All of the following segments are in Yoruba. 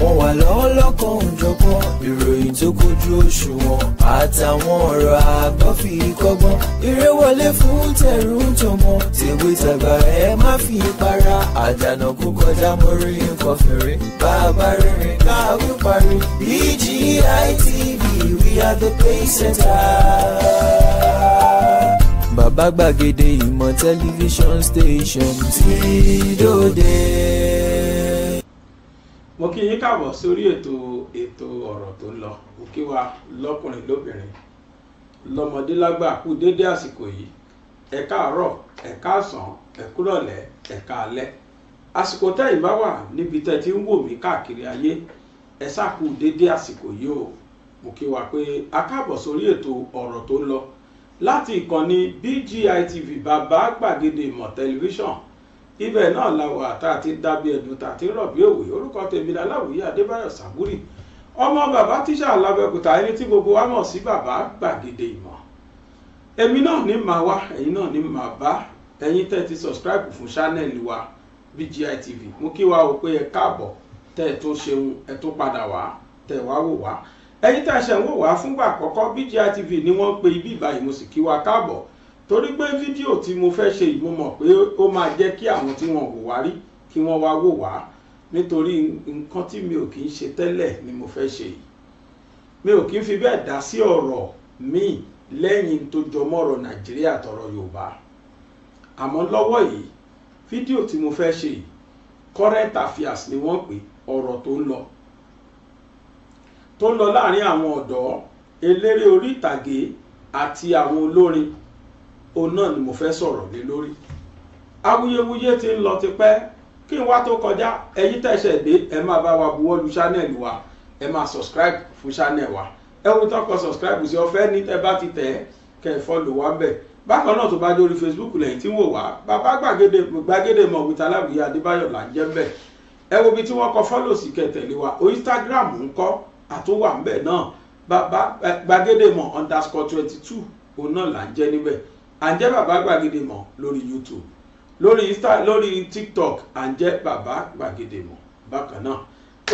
wọ́n wà lọ́wọ́ lọ́kàn òjọ̀kan ìròyìn tó kojú òṣùwọ̀n àtàwọn ọ̀rọ̀ àgbọ́ kọ́gbọ́n eré wọlé fún tẹ̀rù tọmọ tèwe tàgbà ẹ má fi para àdànà kó kọjá mọ́rí nǹkan fèrè bàbá rìnrìn káwí parí BGI we are the pace center. bàbá gbàgede ìmọ̀ tẹlifíṣọ̀n station tí dòde mo kí yín káàbọ̀ sórí ètò ètò ọ̀rọ̀ tó ń lọ mo kí wa lọ́kùnrin lóbìnrin lọ́mọdé lágbà kú déédé àsìkò yìí ẹ káàárọ̀ ẹ káàsán ẹ kúrọ̀lẹ́ ẹ káalẹ́ àsìkò tẹ́yin bá wà níbi tẹ́ ti ń wò mí káàkiri ayé ẹ sáàkú déédé àsìkò yìí o mo kí wa pé a káàbọ̀ sórí ètò ọ̀rọ̀ tó ń lọ láti ìkànnì BGI bàbá gbàgede ìmọ̀ tẹlifíṣàn ibẹ̀ náà la wà tá a ti dábí ẹ̀dùn tá a ti rọ̀ bí òwe orúkọ tèmi Aláwìyé Adébáyọ̀ Sábúrì ọmọ bàbá tíṣà làbẹ́kúta ẹni tí gbogbo wa mọ̀ sí bàbá gbàgede ìmọ̀ èmi náà ní màá wá ẹ̀yin náà ní màá bá ẹ̀yin tẹ́ ti subscribe fún ṣánẹ́ẹ̀lì wa BGI TV mú kí wa o pé ẹ káàbọ̀ tẹ́ ẹ tó ṣeun ẹ tó padà wá tẹ́ ẹ wá wò wá ẹ̀yin tẹ́ ẹ ṣẹ̀ ń wò wá fúngbà àkọ́kọ́ BGI TV ni wọ́n pe ibi ìbáyìí mo sì kí wa káàbọ̀ torí pé fídíò tí mo fẹ́ ṣe mo mọ̀ pé ó máa jẹ́ kí àwọn tí wọ́n wò wá rí kí wọ́n wá wò wá nítorí nǹkan tí mi ò kì í ṣe tẹ́lẹ̀ ni mo fẹ́ ṣe yìí mi ò kì í fi bẹ́ẹ̀ dá sí ọ̀rọ̀ míì lẹ́yìn tó jọmọ́ ọ̀rọ̀ nàìjíríà tọ̀rọ̀ yorùbá àmọ́ lọ́wọ́ yìí fídíò tí mo fẹ́ ṣe yìí current affairs ni wọ́n pè ọ̀rọ̀ tó ń lọ tó ń lọ láàrin àwọn ọ̀dọ́ eléré orí ìtàgé àti àwọn olórin òun náà ni mo fẹ́ sọ̀rọ̀ lé lórí awuyewuye ti ń lọ tipẹ́ kí n wá tó kọjá ẹ̀yin tẹ̀sẹ̀ dé ẹ máa bá wa buwọ́lu ṣánẹ́ẹ̀lì wa ẹ máa subscribe fún ṣánẹ́ẹ̀lì wa ẹ wo tán kọ subscribe sí ọ̀fẹ́ ní tẹ́ bá ti tẹ̀ ẹ́ kẹ́ ẹ fọ́lù wa ń bẹ̀ bákan náà tó bá dórí Facebook lẹ́yìn tí ń wò wá bàbá gbàgede gbàgede mọ̀ wíta aláwìyé adébáyọ̀ là ń jẹ́ bẹ́ẹ̀ ẹ wo ibi tí wọ́n kọ fọ́lò sí kẹtẹ̀lé wa o Instagram ń kọ́ àtúwà ń bẹ̀ náà bàbá gbàgede mọ̀ underscore twenty two òun náà là ń jẹ́ níbẹ̀ à ń jẹ́ bàbá gbàgede mọ̀ lórí youtube lórí insta lórí tiktok à ń jẹ́ bàbá gbàgede mọ̀ bákan náà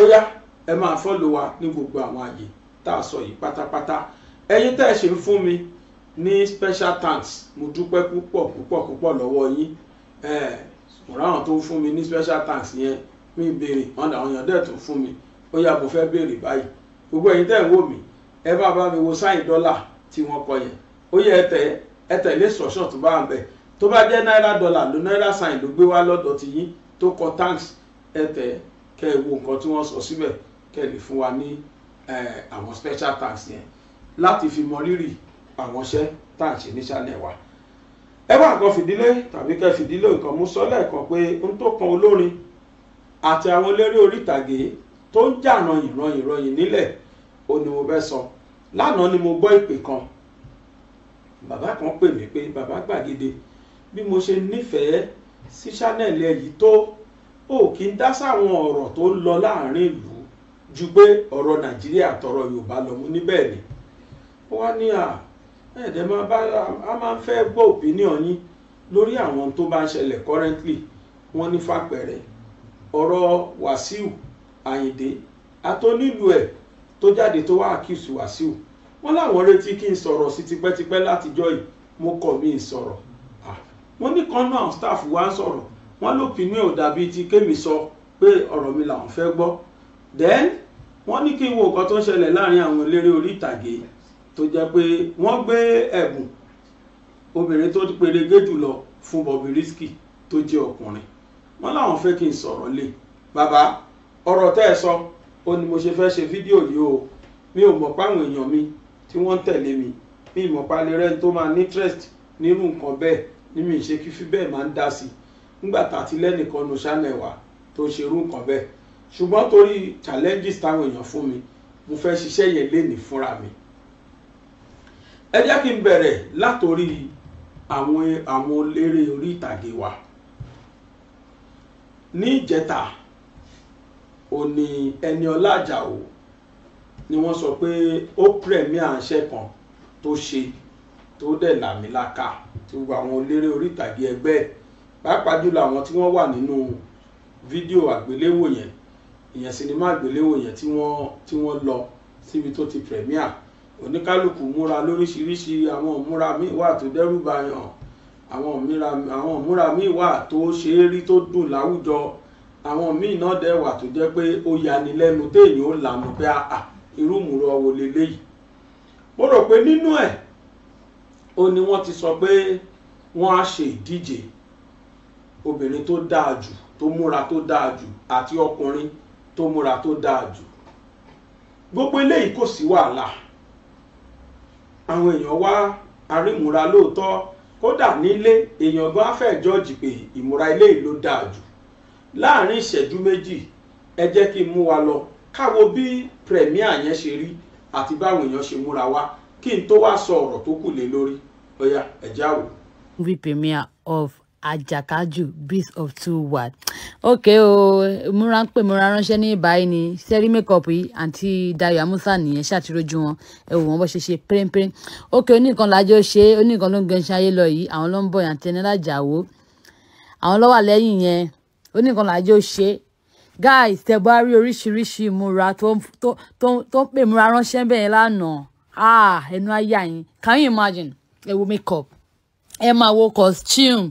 ó yá ẹ máa fọ́lọ̀ wa ní gbogbo àwọn àyè tá a sọ yìí pátápátá ẹ̀yin tẹ́ ẹ ṣe ń fún mi ní special thanks mo dúpẹ́ púpọ̀ púpọ̀ púpọ̀ lọ́wọ́ yín ọ̀ràn tó fún mi ní special thanks yẹn mi béèrè wọn làwọn èèyàn dẹ̀ tó fún mi ó yá mo fẹ́ béèrè báyìí gbogbo ẹ̀yin tẹ́ ẹ wò mí ẹ bá bá mi wo sáyìn dọ́là tí wọ́n kọ yẹn ó yẹ ẹ tẹ ẹ tẹ̀lé instruction tó bá ń bẹ̀ tó bá jẹ́ náírà dọ́là ló náírà sign ló gbé wá lọ́dọ̀ ti yín tó kọ thanks ẹ tẹ̀ kẹ́ ẹ wo nǹkan tí wọ́n sọ síbẹ̀ kẹ́ ẹ lè fún wa ní àwọn special thanks yẹn láti fi mọ rírì àwọn iṣẹ́ tá à ń ṣe ní channel wa ẹ bá nǹkan fìdílé tàbí kẹ́ fìdílé nǹkan mú sọ lẹ́ẹ̀kan pé ohun tó kan olórin àti àwọn eléré orí ìtàgé tó ń jà ranyìn ranyìn ranyìn nílẹ̀ òun ni mo fẹ́ sọ lánàá ni mo gbọ́ ìpè kan bàbá kan pè mí pé bàbá gbàgede bí mo ṣe nífẹ̀ẹ́ sí ṣánẹ́ẹ̀lì ẹ yìí tó ò kí ń dá sáwọn ọ̀rọ̀ tó ń lọ láàrin ìlú ju pé ọ̀rọ̀ nàìjíríà tọrọ yorùbá lọ mú níbẹ̀ ni ó wá ní à ẹ̀ẹ́dẹ̀ máa bá a máa ń fẹ́ gbọ́ opinion yín lórí àwọn tó bá ń ṣẹlẹ̀ currently wọ́n ní fàpẹ̀rẹ̀ ọ̀rọ̀ wàsíù àyìndé àtọ́nílùú ẹ̀ tó jáde tó wá accuse wàsíù wọ́n láwọn retí kí n sọ̀rọ̀ sí tipẹ́tipẹ́ látijọ́ yìí mo kọ̀ mí sọ̀rọ̀ mo ní kan staff wa ń sọ̀rọ̀ wọ́n ló pinnu ẹ̀ dàbí ti kémi sọ pé ọ̀rọ̀ mi làwọn fẹ́ gbọ́ then wọ́n ní kí n wo nǹkan tó ń ṣẹlẹ̀ láàrin àwọn eléré orí ìtàgé tó jẹ́ pé wọ́n gbé ẹ̀bùn obìnrin tó perege jùlọ fún Bobrisky tó jẹ́ ọkùnrin wọ́n láwọn fẹ́ kí n sọ̀rọ̀ lé bàbá ọ̀rọ̀ tẹ́ ẹ sọ ó ní mo ṣe fẹ́ ṣe fídíò yìí o mi ò mọ̀ páwọn èèyàn mi tí wọ́n ń tẹ̀lé mi ní ìmọ̀pálẹ̀ rẹ̀ tó máa ní interest nírú nǹkan bẹ́ẹ̀ ní mi ṣe kí fi bẹ́ẹ̀ máa ń dá sí i nígbà tá a ti lẹ́nìkan nu channel wa tó ṣe irú nǹkan bẹ́ẹ̀ ṣùgbọ́n torí challenges táwọn èèyàn fún mi mo fẹ́ ṣiṣẹ́ yẹn lénìí fúnra mi ẹ jẹ́ kí n bẹ̀rẹ̀ látòrí àwọn àwọn eléré orí ìtàgé wa ní ìjẹta òní Ẹniọlá Àjàó ni wọ́n sọ pé ó pẹ̀mí àṣẹ kan tó ṣe tó dẹ̀ làmìlaka tí gbogbo àwọn eléré orí ìtàgé ẹgbẹ́ ẹ̀ pàápàá jùlọ àwọn tí wọ́n wà nínú fídíò àgbéléwò yẹn ìyẹn sinimá àgbéléwò yẹn tí wọ́n tí wọ́n lọ síbi tó ti pẹ̀míà oníkálukú múra lóríṣiríṣi àwọn múra míì wà tó dẹ́rù báyàn àwọn múra míì wà tó ṣe é rí tó dùn láwùjọ àwọn míì náà dẹ̀ wà tó jẹ́ pé ó yani téèyàn ó lànà pé àà irú ìmúra wo leléyìí mo rò pé nínú ẹ̀ ó ní wọ́n ti sọ pé wọ́n á ṣe ìdíje obìnrin tó dáa jù tó múra tó dáa jù àti ọkùnrin tó múra tó dáa jù gbogbo eléyìí kò sí wàhálà àwọn èèyàn wá arímúra lóòótọ́ kódà nílé èèyàn gan afẹ́ jọ́ọ̀jì pé ìmúra eléyìí ló dáa jù láàrin ìṣẹ́jú méjì ẹ jẹ́ kí n mú wa lọ káwo bí premier yẹn ṣe rí àti báwọn èèyàn ṣe múra wá kí n tó wá sọ ọ̀rọ̀ tó kù lé lórí ọ̀yà ẹ̀já wò. movie premier of ajakaju beast of two world ok o múra ń pè múra ránṣẹ́ ní báyìí ni sẹ́rí makeup yìí àǹtí Dayọ̀ Amusa nìyẹn ṣàtìrójú wọn ẹ wò wọn bó ṣe ṣe pérépéré ok oníkan lájọ ṣe oníkan ló ń gẹṣin ayé lọ yìí àwọn ló ń bọ̀ yàn tẹnilájà wò àwọn ló wà yẹn oníkan lájọ ṣe guys tẹ bá rí oríṣiríṣi ìmúra tó ń pè múra ránṣẹ́ bẹ́ẹ̀ lánàá ah ẹnu ayá yín can you imagine ẹ wo make up ẹ máa wo costume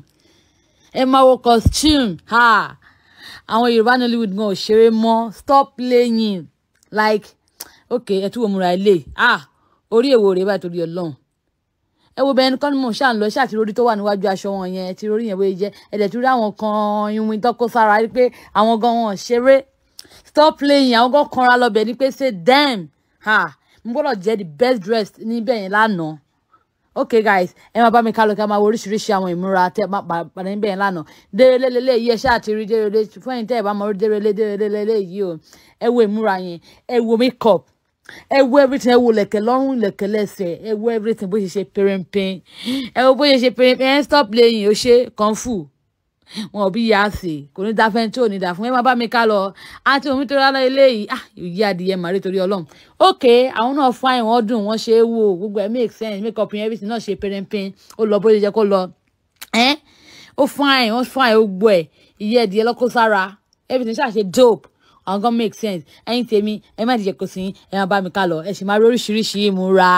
ẹ máa wo costume ah àwọn yorùbá nollywood gan ò ṣeré mọ́ stop playing like okay ẹ tún wo múra ilé ah orí èwo rèé báyìí torí ọlọ́run ẹ wo bẹ́ẹ̀ nìkan ni mò ń ṣàn lọ ṣáà ti rórí tó wà níwájú aṣọ wọn yẹn ti rórí yẹn wọ́n jẹ́ ẹ̀dẹ̀ tó rí àwọn kan irun tó kó sára rí pé àwọn gan wọn ṣeré stop playing àwọn gan kanra lọ́bẹ̀ ni pé say damn ha mo gbọ́dọ̀ jẹ́ the best dressed níbẹ̀ yẹn lánàá okay guys ẹ máa bá mi ká lọ kí a máa wo oríṣiríṣi àwọn ìmúra tẹ ẹ máa pàdé níbẹ̀ yẹn lánàá dérélélé yìí ẹ ṣáà ti rí dérélé fún ẹ̀yin tẹ́ ẹ bá máa rí dérélé dérélé yìí o ẹ wo ìmúra yẹn ẹ wo makeup ẹ everything ẹ wo lẹ̀kẹ̀ lọ́rùn lẹ̀kẹ̀ lẹ́sẹ̀ ẹ everything bó ṣe ṣe pérépin ẹ wo bó ṣe ṣe pérépin ẹ stop playing ó ṣe kàn fu. wọn ò bí ya sí kò ní dáfẹ́ tí ò ní dà fún ẹ má bá mi ká lọ àti omi tó rárá eléyìí ah ìyí adìyẹ màrí torí ọlọ́run ok àwọn náà fine wọ́n dùn wọ́n ṣe é wò gbogbo ẹ̀ make sense make up everything náà ṣe pérépin ó lọ bó ṣe jẹ́ kó lọ ẹ́ ó fine wọ́n fine ó gbọ́ ẹ̀ ìyí adìyẹ lọ́kọ́ sára everything ṣáà dope àwọn gan make sense ẹ̀yin tèmi ẹ má dìjẹ́ kò sí ẹ máa bá mi ká lọ ẹ sì máa rí oríṣiríṣi ìmúra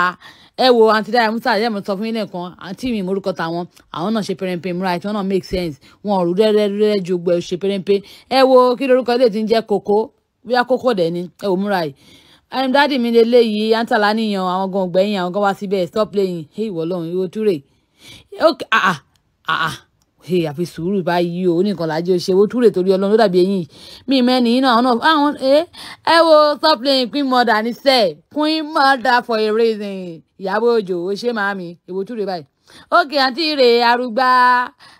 ẹ wo àǹtí Dara Musa ẹ mọ̀ sọ fún yín lẹ́ẹ̀kan àǹtí mi morúkọ tàwọn àwọn náà ṣe pẹrẹmpẹ ìmúra ẹ̀ tí wọ́n náà make sense wọn ò rú rẹ́rẹ́rẹ́ ju gbẹ ṣe pẹrẹmpẹ ẹ wo kí lórúkọ ilé ti ń jẹ́ kókó bóyá kókó dẹ̀ ni ẹ wò múra yìí ẹnum dáàdì mi lè léyìí àǹtàlá níyan àwọn gan ọgbẹ́yìn àwọn gan wá síbẹ̀ stop playing ìwọ lọ́run ìwọ túrè ok ah ah ah. ah àfi sùúrù báyìí o nìkan lájọ ṣe owó túrè torí ọlọ́run ló dàbí eyín mi mẹ́ni iná ọ̀nà àwọn ẹ wo stop playing queen mother ní sẹ́ queen mother for a reason ìyàwó òjò ó ṣe máa mi èwo túrè báyìí ókè àǹtí rè arúgbá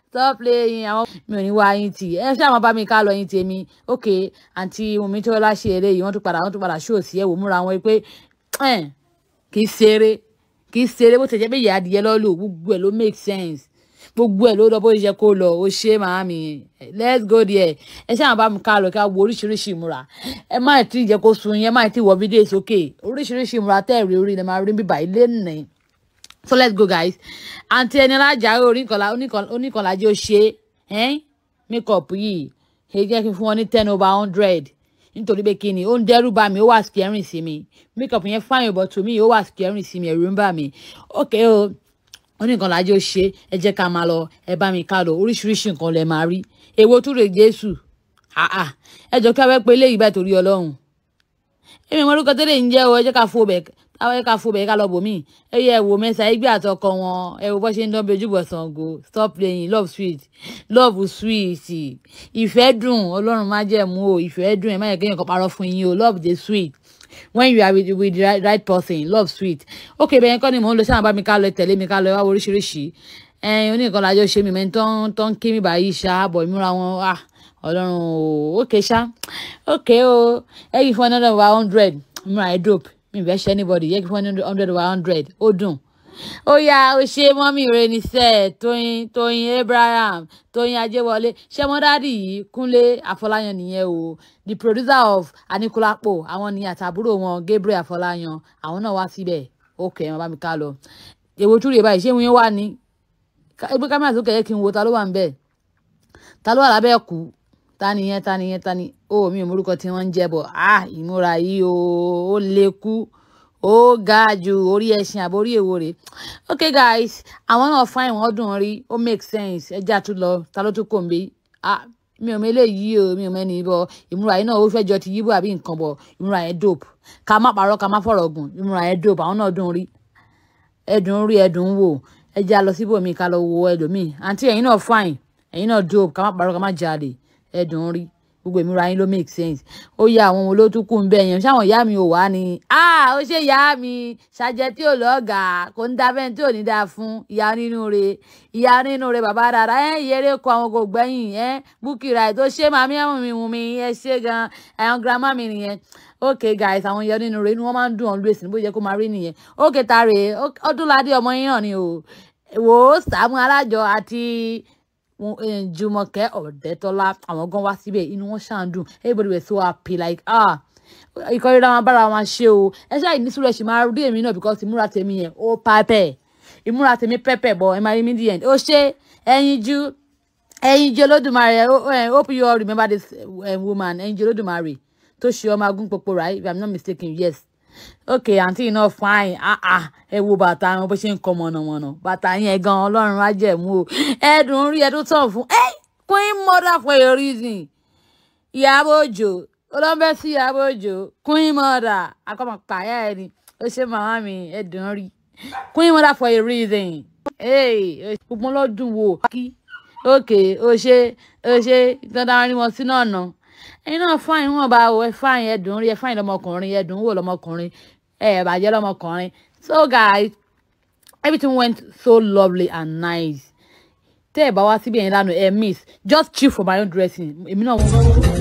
stop playing àwọn mi ò ní wá yín tì ẹ ṣé àwọn bá mi ká lọ yín tèmi ókè àǹtí omi tó láṣẹ eré yìí wọ́n tún padà wọ́n tún padà ṣòòsì ẹ̀ wò múra wọn pé kì í ṣeré kì í ṣeré bó ti jẹ́ pé ìyá adìyẹ lọ́ọ́ lò gbogbo ẹ̀ ló make sense gbogbo ẹ̀ ló lọ bó yẹ kó lọ ó ṣe màámi let's go there ẹ ṣáà bá mi ká lọ ká wo oríṣiríṣi ìmúra ẹ má ti jẹ kó sun yẹn má ti wọ fídíò sókè oríṣiríṣi ìmúra tẹ́ rí orí ni máa rí bíbá ilé nìyẹn so let's go guys àǹtí ẹni alájà oníkànlá oníkànlá jẹ́ ó ṣe makeup yìí ẹ jẹ́ kí n fún wọn ní ten over hundred nítorí pé kí ni ó ń dẹ́rù bá mi ó wà scaring sí mi makeup yẹn fáyìn bọ̀ tù mí ó wà scaring sí mi ẹ̀rù ń bà mí okay o. Oh wọ́n ní nǹkan lájọ ṣe ẹ jẹ́ ká máa lọ ẹ bá mi ká lọ oríṣiríṣi nǹkan lẹ máa rí èwo tún rè jésù ẹ jọ kí abẹ́ pé eléyìí bá torí ọlọ́run èmi mọ́ orúkọ tẹ́lẹ̀ ń jẹ́ o ẹ jẹ́ ká fo bẹ̀ táwọn ẹ ká fo bẹ̀ ká lọ bòmí ẹ yẹ ẹ wò mẹ́sà ẹ gbé àtọkọ wọn ẹ wò bọ́ ṣe ń dán bí ojúbọ stop playing love sweet love sweet ìfẹ́ dùn ọlọ́run má jẹ̀mú o ìfẹ́ dùn ẹ má yẹ kéèyàn kan parọ́ fún yín o love dey sweet when you are with, with the right, right person love sweet okay bẹ́ẹ̀ kọ́ ni mò ń lọ sáà bá mi ká lọ tẹ̀lé mi ká lọ wá oríṣiríṣi ẹ̀yin oníkan lájọ ṣe mi mẹ́ni tán tán kí mi báyìí ṣá bọ̀ ìmúra wọn wá ah, ọlọ́run o okay ṣá okay o ẹ̀yin fún one hundred one hundred ìmúra ẹ̀ dope mi ì fẹ́ ṣe anybody yẹ́ kí fún one hundred one hundred ó dùn ó yá ó ṣe mọ́mí rẹ ní sẹ́ẹ̀ tóyin tóyin abraham tóyin ajẹ́wọlé ṣẹ́mọ́dádì yìí kúnlé àfọláyàn nìyẹn o the producer of anikulapo àwọn nìyẹn àtàbúrò wọn gabriel àfọláyàn àwọn náà wá síbẹ̀ ókè ẹ̀ máa bá mi ká lọ èwo túrú yẹn báyìí ṣé wọn wà ní gbé kámẹ́rà sókè yẹ kí n wo ta ló wà ń bẹ̀ ta ló wà lábẹ́ ẹ̀kú ta nìyẹn ta nìyẹn ta ni ó mi ò mórúkọ tí wọ́n ń jẹ́ bọ̀ ah ìmúra yìí o ó lékú ó ga jù orí ẹṣin àbórí èwo rèé okay guys àwọn náà fine wọn dùn rí ó make sense ẹja tún lọ ta ló tún kò ń bí ah mi ò mọ eléyìí o mi ò mọ ẹni bọ ìmúra yẹn náà ó fẹ́ jọ ti yíbọ àbí nǹkan bọ ìmúra yẹn dope ká má parọ́ ká má fọ̀rọ̀ gùn ìmúra yẹn dope àwọn náà dùn rí ẹdùn rí ẹdùn wò ẹja lọ síbòmí ká lọ wo ẹlòmíì àǹtí ẹ̀yin náà fine ẹ̀yin náà dope ká má parọ́ ká má jalè ẹdùn rí gbogbo ìmúra yín ló make sense ó yẹ àwọn ohun olótùkù ń bẹ yẹn ṣáwọn ìyá mi ò wá ni ah ó ṣe ìyá mi ṣàjẹ tí ò lọ́gàá kò ń dábẹ́ tí ò ní dáa fún ìyá nínú re ìyá nínú re bàbá dára ẹ ìyẹrẹ kọ àwọn kò gbẹ̀yìn ẹ búkìrà ètò ṣé màmí ẹ̀wọ̀n mi wù mí ẹ ṣe gan àwọn grandma mi nìyẹn okay guys àwọn ìyá nínú re inú wọn máa ń dùn ọ̀n lóye sí ní bó yẹ kó máa rí nìyẹn okay tààrẹ ọdúnládé ọmọ yín hàn ni o wò ó Sàámú Alájọ àti Jùmọ̀kẹ́ Ọ̀dẹ́tọ́lá eh, àwọn gan wá síbẹ̀ inú wọn ṣàǹdùn everybody were so happy like ah ìkọrira wọn bára wọn ṣe o ẹ ṣáà ní sùúrù ẹ ṣì máa rí èmi náà because ìmúra tèmi yẹn ó pápẹ́ ìmúra tèmi pẹ́pẹ́ bọ̀ ẹ máa rí mi di yẹn ó ṣe ẹyinjú ẹyinjú olódùmarè eh, hope you all remember this um, woman ẹyinjú olódùmarè tó ṣe ọmọ agúnpọ̀pọ̀ right if i'm not mistaken yes okay àǹtí iná fine ah ah ẹ wo bàtà wọn bó ṣe ń kọ mọ̀nàmọ̀nà bàtà yẹn gan ọlọ́run á jẹ̀mú o ẹ̀dùn rí ẹ̀dùn tán fún ẹ queen mother for a reason Ìyábọ̀ Òjó olóńgbé sí Ìyábọ̀ Òjó queen mother akọ́mọ pààyà ẹ ni ó ṣe màmá mi ẹ̀dùn rí queen mother for a reason gbogbo lọ́dún wo kí okay ó ṣe ó ṣe dandan rí wọn sínú ọ̀nà ẹ̀yin náà fáyín wọn bá wọ fáyín ẹ̀dùn rí fáyín lọmọkùnrin ẹ̀dùn wò lọmọkùnrin ẹ̀ bàjẹ́ lọmọkùnrin so guys everything went so lovely and nice tẹ́ ẹ̀ bá wá síbi ẹ̀yin lánàá ẹ̀ miss just chill for my own dressing èmi náà.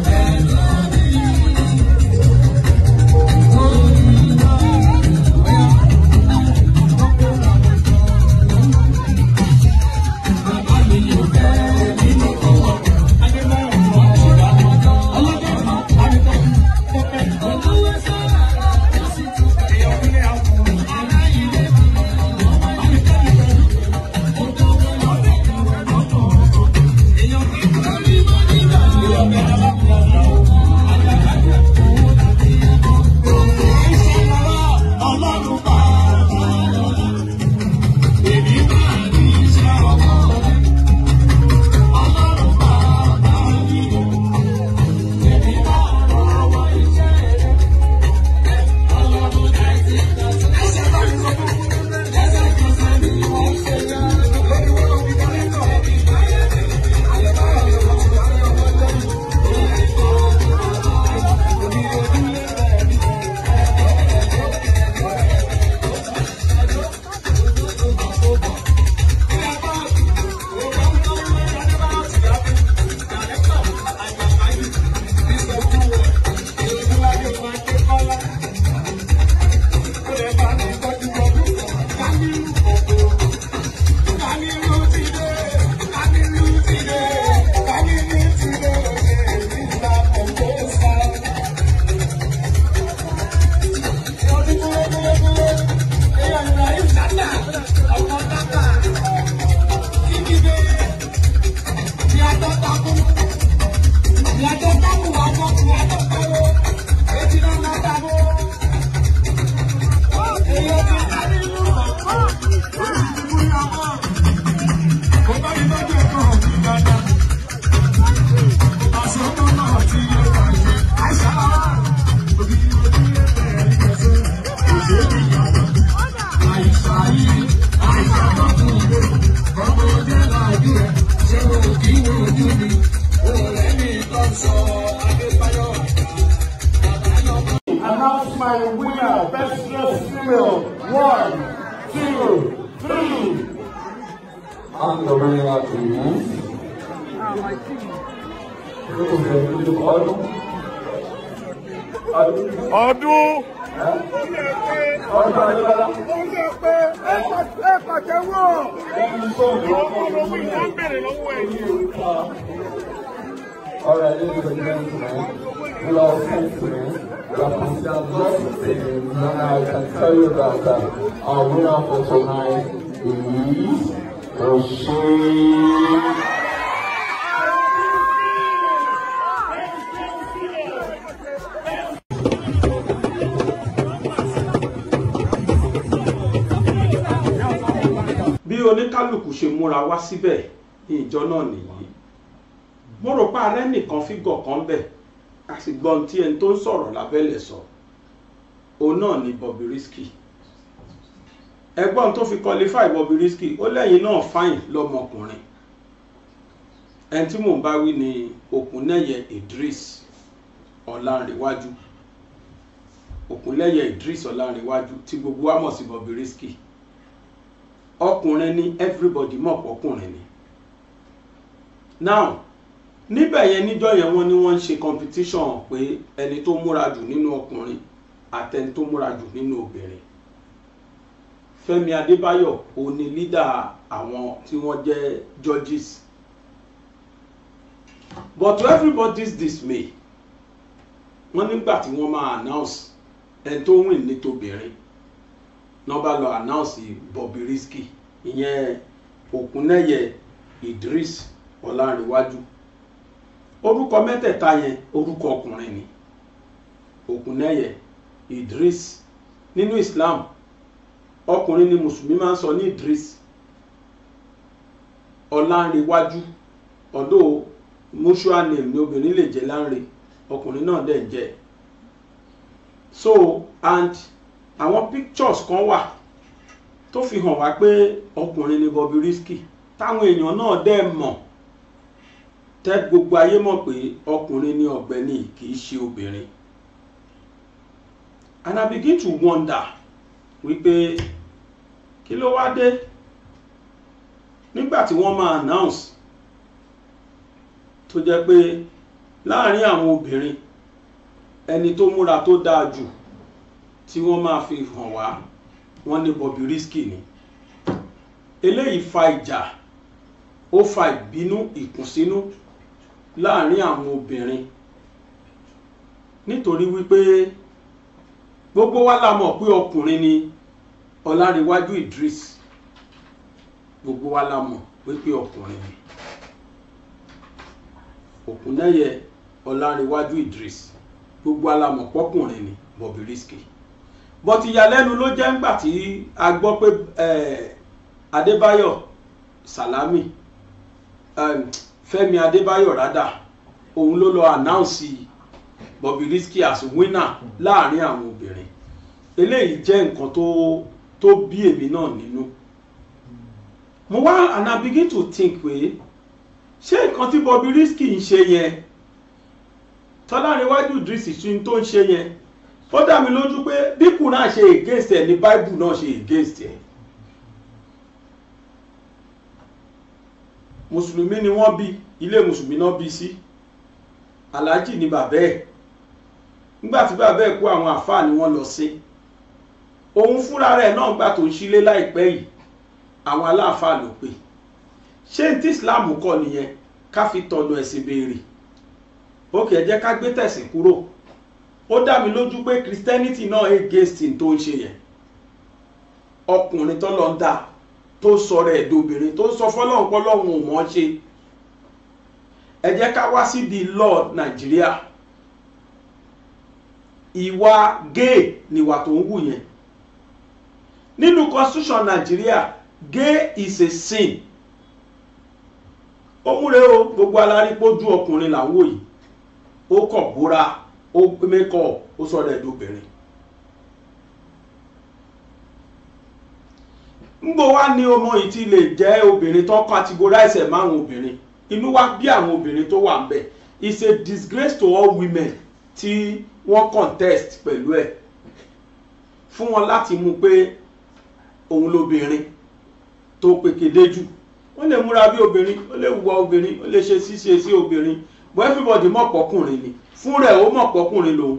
èyí ò ṣe é. bí oníkálukú ṣe múra wá síbẹ̀ ìjọ náà nìyí mo rò pa arẹ́ nìkan fígọ̀ kan bẹ̀ a sì gbọ́n tí ẹni tó ń sọ̀rọ̀ lábẹ́lẹ̀ sọ òun náà ni Bobrisky ẹ̀gbọ́n tó fi qualify Bobrisky ó lẹ́yìn náà fine lọ́mọkùnrin ẹni tí mò ń bá wí ni Òkúnlẹ́yẹ Idris Ọlánrewájú Òkúnlẹ́yẹ Idris Ọlánrewájú tí gbogbo wa mọ̀ sí Bobrisky ọkùnrin ni everybody mọ̀ pọ́kùnrin ni now níbẹ̀ yẹn níjọ́ yẹn wọ́n ní wọ́n ń ṣe competition pé ẹni tó múra jù nínú ọkùnrin àtẹni tó múra jù nínú obìnrin Fẹ́mi Adébáyọ̀ òun ni lídà àwọn tí wọ́n jẹ́ judges but to everybody's dismay wọ́n nígbà tí wọ́n máa announce ẹni tó wìn ní tobìnrin náà bá lọ announce Bobby Risky ìyẹn Òkúnnẹ́yẹ Idris Ọlárìnwájú orúkọ mẹ́tẹ̀ẹ̀ta yẹn orúkọ ọkùnrin ni Òkúnnẹ́yẹ Idris nínú Islam ọkùnrin ni mùsùlùmí máa ń sọ ní Idris ọ̀làǹrẹ̀wájú ọ̀dọ́ mutual name ni obìnrin lè jẹ́ láǹrẹ̀ ọkùnrin náà dẹ̀ jẹ́ so and àwọn pictures kan wà tó fi hàn wá pé ọkùnrin ni Bobrisky táwọn èèyàn náà dẹ̀ mọ̀ tẹ́ gbogbo ayé mọ̀ pé ọkùnrin ni ọ̀gbẹ́ni kì í ṣe obìnrin and I begin to wonder wípé kí ló wá dé nígbà wọ́n máa announce tó jẹ́ pé láàrin àwọn obìnrin ẹni tó múra tó dáa jù tí wọ́n máa fi hàn wá wọ́n ní Bobrisky ni eléyìí fa ìjà ó fa ìbínú ìkùnsínú láàrin àwọn obìnrin nítorí wípé gbogbo wa la mọ̀ pé ọkùnrin ni ọlárẹ̀wájú idris gbogbo wa la mọ̀ wípé ọkùnrin ni òkúnnẹ́yẹ ọlárẹ̀wájú idris gbogbo wa la mọ̀ pọ́kùnrin ni Bobrisky but ìyàlẹ́nu ló jẹ́ ńgbà tí a gbọ́ pé eh, adébáyọ̀ salami um, eh, fẹ́mi adébáyọ̀ rádà òun ló lọ announce Bobrisky as winner láàrin àwọn obìnrin eléyìí jẹ́ nǹkan tó tó bí èmi náà nínú mo wá and I begin to think pé ṣé nǹkan tí Bobrisky ń ṣe yẹn tọ́lárẹ̀wájú Idris tún tó ń ṣe yẹn ó dá mi lójú pé bí kùnà ṣe against ẹ ní Bible náà ṣe against ẹ mùsùlùmí ni wọ́n bí ilé mùsùlùmí náà bí sí aláàjì ni bàbá ẹ̀ nígbà tí bàbá ẹ̀ kú àwọn àfáà ni wọ́n lọ sí. òun fúnra rẹ̀ náà gbà tó sílé láìpẹ́ yìí àwọn aláàfáà ló pè ṣé tí islam kọ́ nìyẹn ká fi tọ̀nà ẹ̀sìn béèrè ókè ẹ jẹ́ ká gbé tẹ̀sìn kúrò ó dá mi lójú pé christianity náà against tó ń ṣe yẹn ọkùnrin tó lọ ń dà tó sọ̀rọ̀ ẹ̀dọ́bìnrin tó sọ fọlọ́run pọ́lọ́run ò mọ̀ ṣe ẹ jẹ́ ká wá sí di lord nàìjíríà ìwà gay nìwà tó ń wù yẹn nínú constitution Nigeria gay is a sin ó múre o gbogbo alárípójú ọkùnrin làwọn yìí ó kọ̀ bóra ó mẹ́kọ̀ ó sọ̀rọ̀ ẹ̀dùn obìnrin ngbò wá ní ọmọ yìí ti lè jẹ́ obìnrin tó categorize ẹ̀ máwọn obìnrin inú wa bí àwọn obìnrin tó wà ń bẹ̀ it's a disgrace to all women tí wọ́n contest pẹ̀lú ẹ̀ fún wọn láti mú pé òun lóbìnrin tó pèkédé jù ó lè múra bí obìnrin ó lè wùwà obìnrin ó lè ṣe ṣíṣe sí obìnrin but everybody mọ̀ pọ́kùnrin ni fún rẹ̀ ó mọ̀ pọ́kùnrin lòun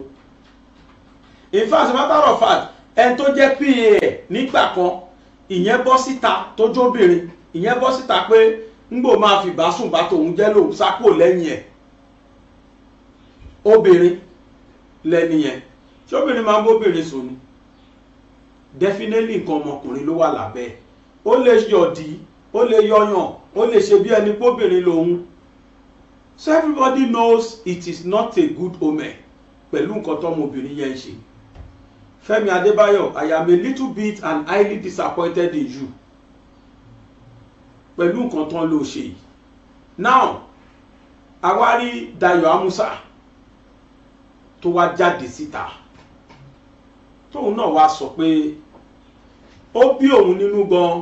in fact matter of fact ẹni tó jẹ́ pa ẹ̀ nígbà kan ìyẹn bọ́ síta tó jóbìnrin ìyẹn bọ́ síta pé ńgbò máa fìbá sùn bá tòun jẹ́ lòun sákò lẹ́yìn ẹ̀ obìnrin lẹ́nìyẹn ṣé obìnrin máa ń bóbìnrin sùn ni definitely nǹkan ọmọkùnrin ló wà lábẹ́ ó lè yọ̀dí ó lè yọyàn ó lè ṣe bí ẹni póbìnrin lòun so everybody knows it is not a good omen pẹ̀lú nǹkan tọ́mọbìnrin yẹn ń ṣe Fẹ́mi Adébáyọ̀ I am a little bit and highly disappointed in you pẹ̀lú nǹkan tán ló ṣe yìí now àwárí Dayọ̀ Amusa tó wá jáde síta. Si tóun náà wá sọ pé ó bí òun nínú gan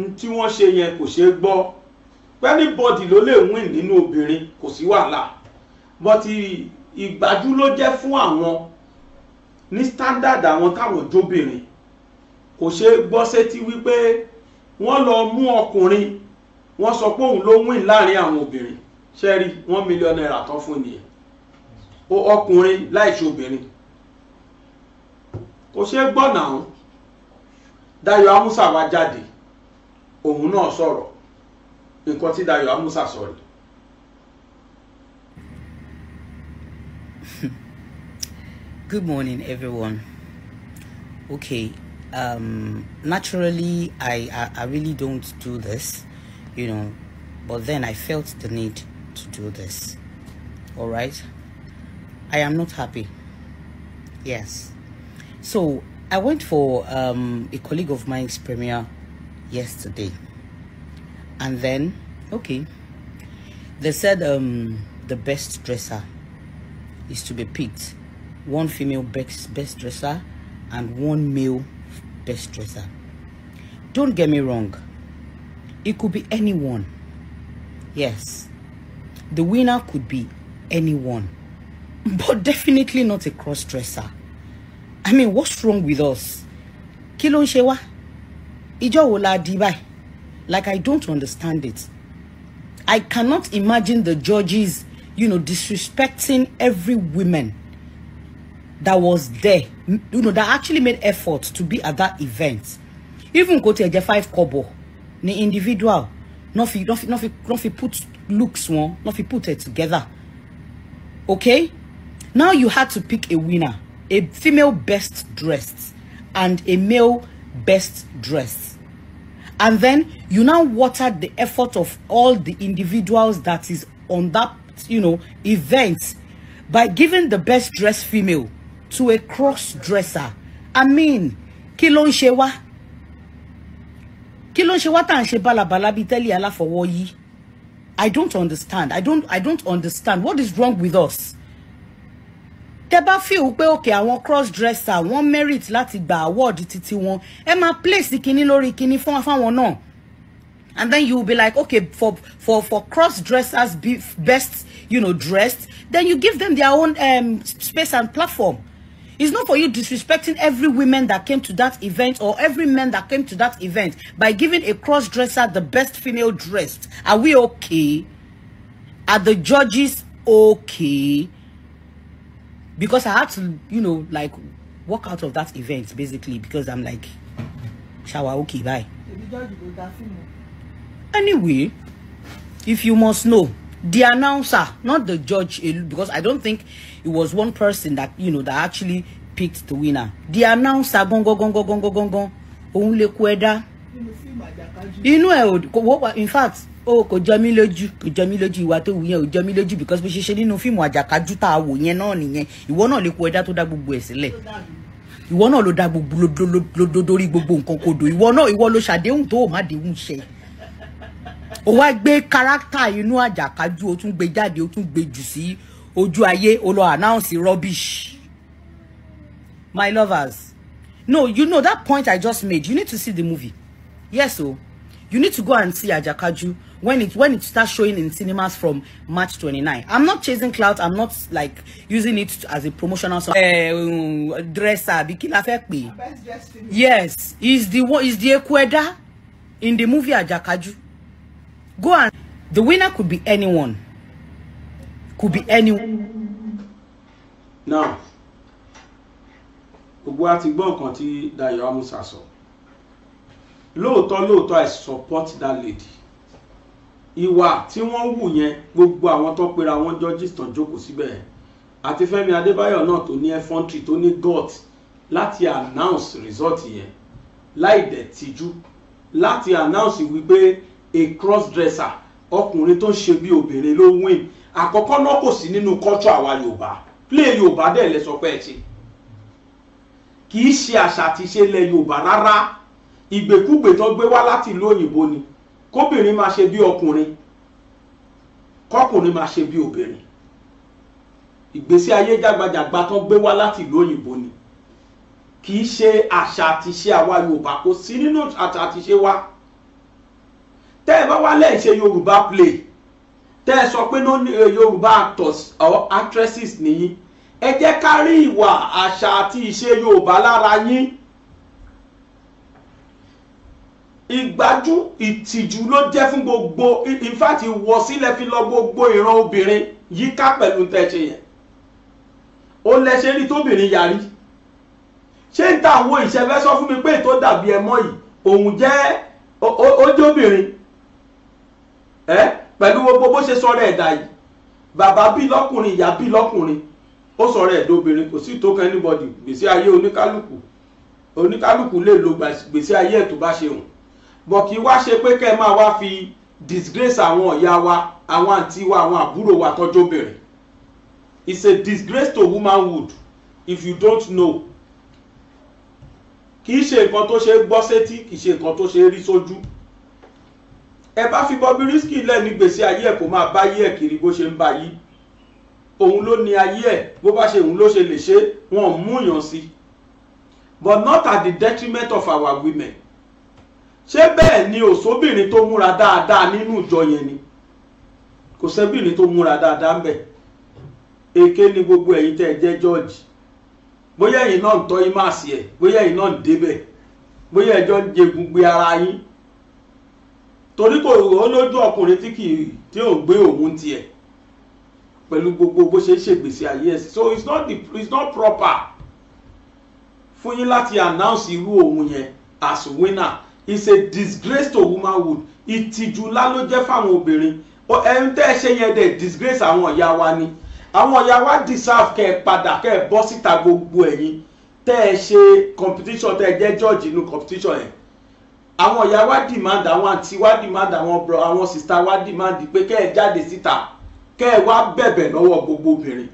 n tí wọ́n ṣe yẹn kò ṣeé gbọ́ pẹ́nibọ́dì ló lè win nínú obìnrin kò sí wàhálà bọ́tí ìgbájú ló jẹ́ fún àwọn ní standard àwọn táwọn jóbìnrin kò ṣe gbọ́ sétí wípé wọ́n lọ mú ọkùnrin wọ́n sọ pé òun ló win láàrin àwọn obìnrin ṣẹ́rí wọ́n mílíọ̀nù náírà tán fún nìyẹn ọkùnrin láìṣe obìnrin kò ṣeé gbọ́ náà Dayọ̀ Amusa wá jáde òun náà sọ̀rọ̀ nǹkan tí Dayọ̀ Amusa sọ rẹ̀. Good morning, everyone. Okay, um, naturally, I, I I really don't do this, you know, but then I felt the need to do this. All right, I am not happy. Yes. So I went for um, a colleague of mine's premiere yesterday. And then, okay, they said um, the best dresser is to be picked. One female best, best dresser and one male best dresser. Don't get me wrong. It could be anyone. Yes. The winner could be anyone. But definitely not a cross-dresser. I mean what's wrong with us? Kí ló ń ṣe wá? Like I don't understand it. I cannot imagine the judges, you know, disrespecting every woman that was there, you know, that actually made effort to be at that event. Even kò tiẹ̀ jẹ́ five kọ́bọ̀ the individual no fi no fi no fi put looks one, no fi put it together okay now you had to pick a winner a female best dressed and a male best dressed and then you now water the effort of all the individuals that is on that you know event by giving the best dressed female to a cross dresser i mean kí ló ń ṣe tan kí ló ń ṣe wá tá i don't understand i don't i don't understand what is wrong with us tẹ bá feel pé òkè àwọn crossdresser. dresser wọ́n merit láti gba award títí wọn ẹ máa place kinní lórí kinní fún fáwọn náà and then you be like okay for for for crossdressers be best you know dressed then you give them their own um, space and platform it's not for you disrespecting every woman that came to that event or every man that came to that event by giving a crossdresser the best female dressed are we okay are the judges okay because I had to, you know, like walk out of that event basically because I'm like, shower, okay, bye. Anyway, if you must know, the announcer, not the judge, eh, because I don't think it was one person that, you know, that actually picked the winner. The announcer, gong, gong, gong, gong, gong, gong, gong, òun lè kú ẹ̀dá. in fact, o kò jọ mí lójú kò jọ mí lójú ìwà tó wù yẹn ò jọ mí lójú because bó ṣe ṣe nínú fíìmù àjàkájú tá a wò yẹn náà nìyẹn ìwọ náà lè kó ẹ̀dá tó dá gbogbo ẹ̀ sílẹ̀ ìwọ náà ló dá gbogbo lódórí gbogbo nǹkan kodò ìwọ náà ìwọ ló ṣàdéhùn tó o má déhùn ṣe o wá gbé kárákítà inú àjàkájú o tún gbé jáde o tún gbé jù sí ojú ayé o lọ announce rubbish my lovers no you know that point i just made you need to see the movie yes o so, you need to go and see àjàkájú when it when it starts showing in cinemas from March 29. I'm not chasing clout. I'm not like using it as a promotional song. Eh, uh, um, dresser, bikila fekpe. Yes, is the one is the Equeda in the movie Ajakaju. Go and the winner could be anyone. Could be anyone. Now, gbogbo a ti gbọ́ nǹkan tí Dayo Amusa sọ. Lóòótọ́ I support that lady ìwà tí wọ́n wù yẹn gbogbo àwọn tó pera wọn judges tán jókòó síbẹ̀ àti Fẹ́mi Adébáyọ̀ náà tó ní ẹfọ́ntì tó ní gut láti announce result yẹn láì dẹ̀ tijú láti announce wípé a crossdresser ọkùnrin tó ń ṣe bí obìnrin ló win àkọ́kọ́ náà kò sí nínú culture àwa Yorùbá play Yorùbá dẹ̀ lẹ sọ pé ẹ ṣe kì í ṣe àṣà àti ṣe ilẹ̀ Yorùbá rárá ìgbèkúgbè tó gbé wá láti ìlú òyìnbó ni kóbìnrin máa ṣe bí ọkùnrin kọkùnrin máa ṣe bí obìnrin ìgbésí ayé jágbajàgba tán gbé wá láti ìlú òyìnbó ni kì í ṣe àṣà àti ṣe àwa yorùbá kò sí nínú àṣà àti ṣe wa tẹ́ ẹ bá wá lẹ́yìn ṣe yorùbá play tẹ́ ẹ sọ pé no eh, yorùbá actors or actresses nìyí ẹ jẹ́ ká rí ìwà àṣà àti ìṣe yorùbá lára yín ìgbájú ìtìjú ló jẹ́ fún gbogbo ìfàtí wọ sílẹ̀ fi lọ gbogbo ìran obìnrin yíká pẹ̀lú tẹ̀sẹ̀ yẹn ó lẹ́sẹ̀ rí tóbìnrin yarí ṣé ń ta àwọn ìṣẹ́fẹ́ sọ fún mi pé tó dàbí ẹmọ́ yìí òun jẹ́ ojóbìnrin ẹ pẹ̀lú gbogbo bó ṣe sọ̀rọ̀ ẹ̀dá yìí bàbá bí lọ́kùnrin ìyá bí lọ́kùnrin ó sọ̀rọ̀ ẹ̀dá obìnrin kò sí ìtókan anybody gbèsè ayé oníkálùkù oníkálùkù lè lo gbèsè ayé ẹ̀ tó bá ṣe hùn bọ̀ kí wá ṣe pé kẹ́ ẹ máa wá fi disgrace àwọn ìyá wa àwọn àǹtí wa àwọn àbúrò wa tọ́jú bẹ̀rẹ̀ it's a disgrace to womanhood if you don't know kì í ṣe nǹkan tó ṣe é gbọ́ sétí kì í ṣe nǹkan tó ṣe é rí sójú ẹ bá fi Bobrisky lẹ̀ ní gbèsè ayé ẹ̀ kó máa bá ayé ẹ̀ kiri bó ṣe ń bá yìí òun ló ní ayé ẹ̀ bó bá ṣe òun ló ṣe lè ṣe wọn mú yàn sí but not at the detriment of our women ṣé bẹ́ẹ̀ ni òṣóbìnrin tó múra dáadáa nínú ìjọ yẹn ni kò sẹ́bìnrin tó múra dáadáa ń bẹ̀ èké ni gbogbo ẹ̀yin tẹ́ ẹ jẹ́ jọ́ọ̀jì bóyá ẹ̀yin náà ń tọ́ yín máa sí ẹ̀ bóyá ẹ̀yin náà ń débẹ̀ bóyá ẹjọ́ ń jẹgun gbé ara yín torí kò olójú ọkùnrin tí kì í tí ò gbé òun tiẹ̀ pẹ̀lú gbogbo bó ṣe ń ṣègbèsè ayé ẹ̀ so it's not the it's not proper fún yín láti announce irú òun yẹn as winner is a disgrace to womanhood ìtìjú ńlá ló jẹ́ fáwọn obìnrin ẹni tẹ́ ẹ ṣe yẹn dẹ̀ disgrace àwọn ìyá wa ni àwọn ìyá wa deserve kẹ́ ẹ padà kẹ́ ẹ bọ́ síta gbogbo ẹ̀yin tẹ́ ẹ ṣe competition tẹ́ ẹ jẹ́ judge inú competition yẹn àwọn ìyá wa demand àwọn àǹtí wa demand àwọn bro àwọn sista wa demand pé kẹ́ ẹ jáde síta kẹ́ ẹ wá bẹ̀bẹ̀ lọ́wọ́ gbogbo obìnrin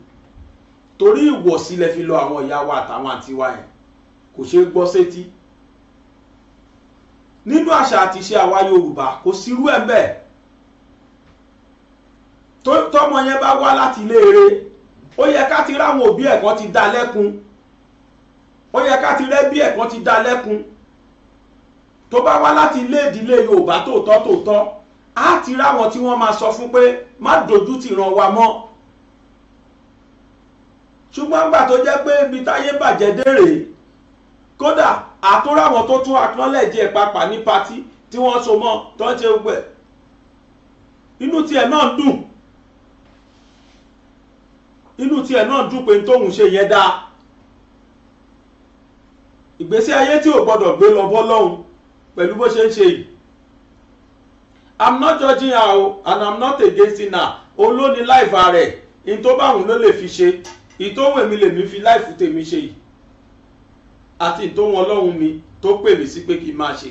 torí ìwọ̀sí lẹ fi lọ àwọn ìyá wa àtàwọn àǹtí wa yẹn kò ṣeé gbọ́ sétí nínú àṣà àti ìṣe àwa yorùbá kò sírú ẹ̀ bẹ́ẹ̀ tọ́mọ yẹn bá wá láti ilé eré ó yẹ ká ti ráwọn òbí ẹ̀ kan ti dá lẹ́kun ó yẹ ká ti rẹ́bí ẹ̀ kan ti dá lẹ́kun tó bá wá láti ilé ìdílé yorùbá tòótọ́ tòótọ́ á ti ráwọn tí wọ́n máa sọ fún pé má dojú ti ràn wá mọ́ ṣùgbọ́n gbà tó jẹ́ pé ibi táyé bàjẹ́ dé rèé kódà àtúrò àwọn tó tún acknowledge ẹ̀ papà ní patí tí wọ́n so mọ́ tó ń ṣe gbẹ̀ inú tiẹ̀ náà dùn inú tiẹ̀ náà dùn pé tóun ṣe yẹn dáa ìgbésí ayé tí ò gbọ́dọ̀ gbé lọ bọ́ lọ́hùn pẹ̀lú bó ṣe ń ṣe yìí i'm not judging her o and i'm not against her òun ló ní láìfa rẹ̀ ní tó bá òun ló lè fi ṣe ìtòhùn èmi lèmi fi láìfù tèmi ṣe yìí àti ìtòhun ọlọ́run mi tó pè mí sí pé kí n máa ṣe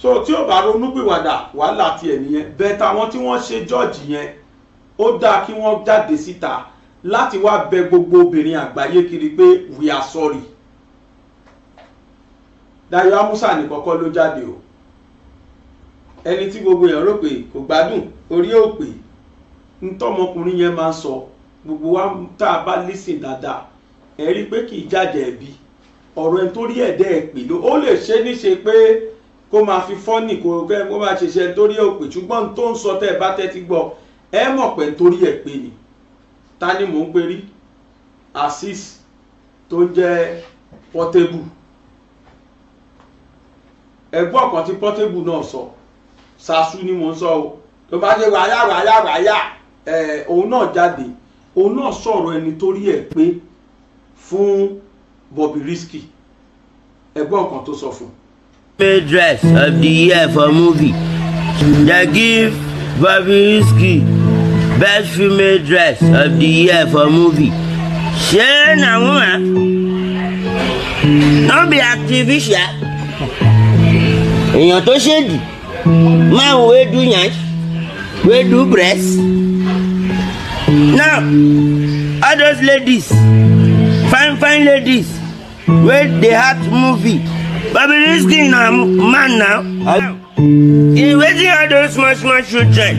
so tí ò bá ronúpìwàdà wàhálà tiẹ̀ nìyẹn bẹ́ẹ̀ táwọn tí wọ́n ṣe jọ́ọ̀jì yẹn ó dáa kí wọ́n jáde síta láti wá bẹ gbogbo obìnrin àgbáyé kiri pé we are sorry Dayọ̀ Amusa ní kọ́kọ́ ló jáde o ẹni tí gbogbo èèyàn rò pé kò gbádùn orí ò pé ntọ́mọkùnrin yẹn máa ń sọ gbogbo wa tá a bá lísìn dáadáa ẹ rí i pé kì í jàjẹ̀ ẹ̀bi ọ̀rọ̀ ẹni tó rí ẹ̀dẹ́ ẹ̀ pè ló ó lè ṣe é níṣe pé kó máa fi fọ́nì kó kẹ́ kó máa ṣiṣẹ́ torí ẹ̀ pè ṣùgbọ́n tó ń sọ tẹ́ ẹ bá tẹ́tí gbọ́ ẹ mọ̀ pé torí ẹ̀ pè ní ta ni mò ń pè rí Azeez tó ń jẹ́ Portable ẹ̀gbọ́n kan tí Portable náà sọ ṣáṣú ni mò ń sọ o tó bá dé wàyà wàyà wàyà òun náà jáde òun náà sọ̀rọ̀ ẹni torí ẹ̀ pé fún Bobrisky ẹgbọ́n kan tó sọ fún. main dress of the year for movie they give risky best female dress of the year for movie ṣé na woman no be activist èèyàn tó ṣèdì máa wò wéé dùn yàn wéé dùn breast now all those ladies fine fine ladies wey dey act movie Bobrisky na man now e wetin all those small small children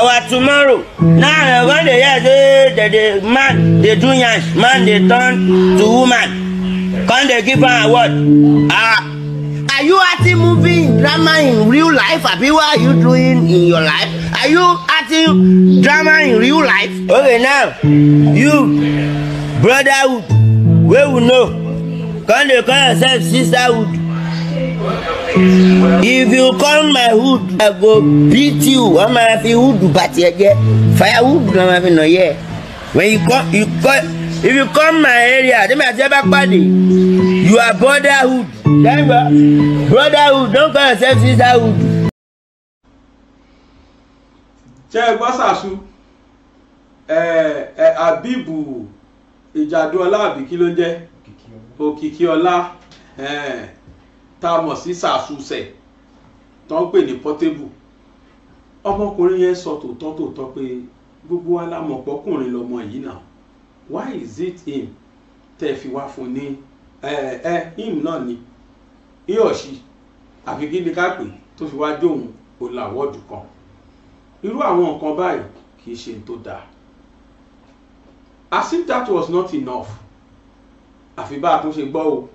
our tomorrow now i wan dey hear say the the man dey do yansh man dey turn to woman come dey give am award ah. Are you acting movie drama in real life? Abi, what are you doing in your life? Are you acting drama in real life? Okay, now you brotherhood wey we know come dey call yourself sisterhood if you come my hood i go beat you wọn máa fi hood bàtì ẹ jẹ firewood náà máa fi nà yẹ when you come you come if you come my area dem àti ẹ bá pàdé you are brotherhood brotherhood don call yourself sisterhood. ṣé ẹ gbọ́ sàṣù ẹ̀ ẹ̀ àbíbù ìjàdù ọlá àbí kí ló ń jẹ́ òkìkí ọlá tá a mọ̀ sí sàṣùṣẹ̀ tó ń pè ní pọ́tébù ọmọkùnrin yẹn sọ tòótọ́ tòótọ́ pé gbogbo wa lọmọ yìí náà why is it him tẹ́ ẹ fi wá fún ní him náà ni he or she àfi kí ni ká pè tó fi wá jóun òlàwọ́dù kan irú àwọn nǹkan báyìí kì í ṣe tó dáa as if that was not enough àfi bá a tún ṣe gbọ́ o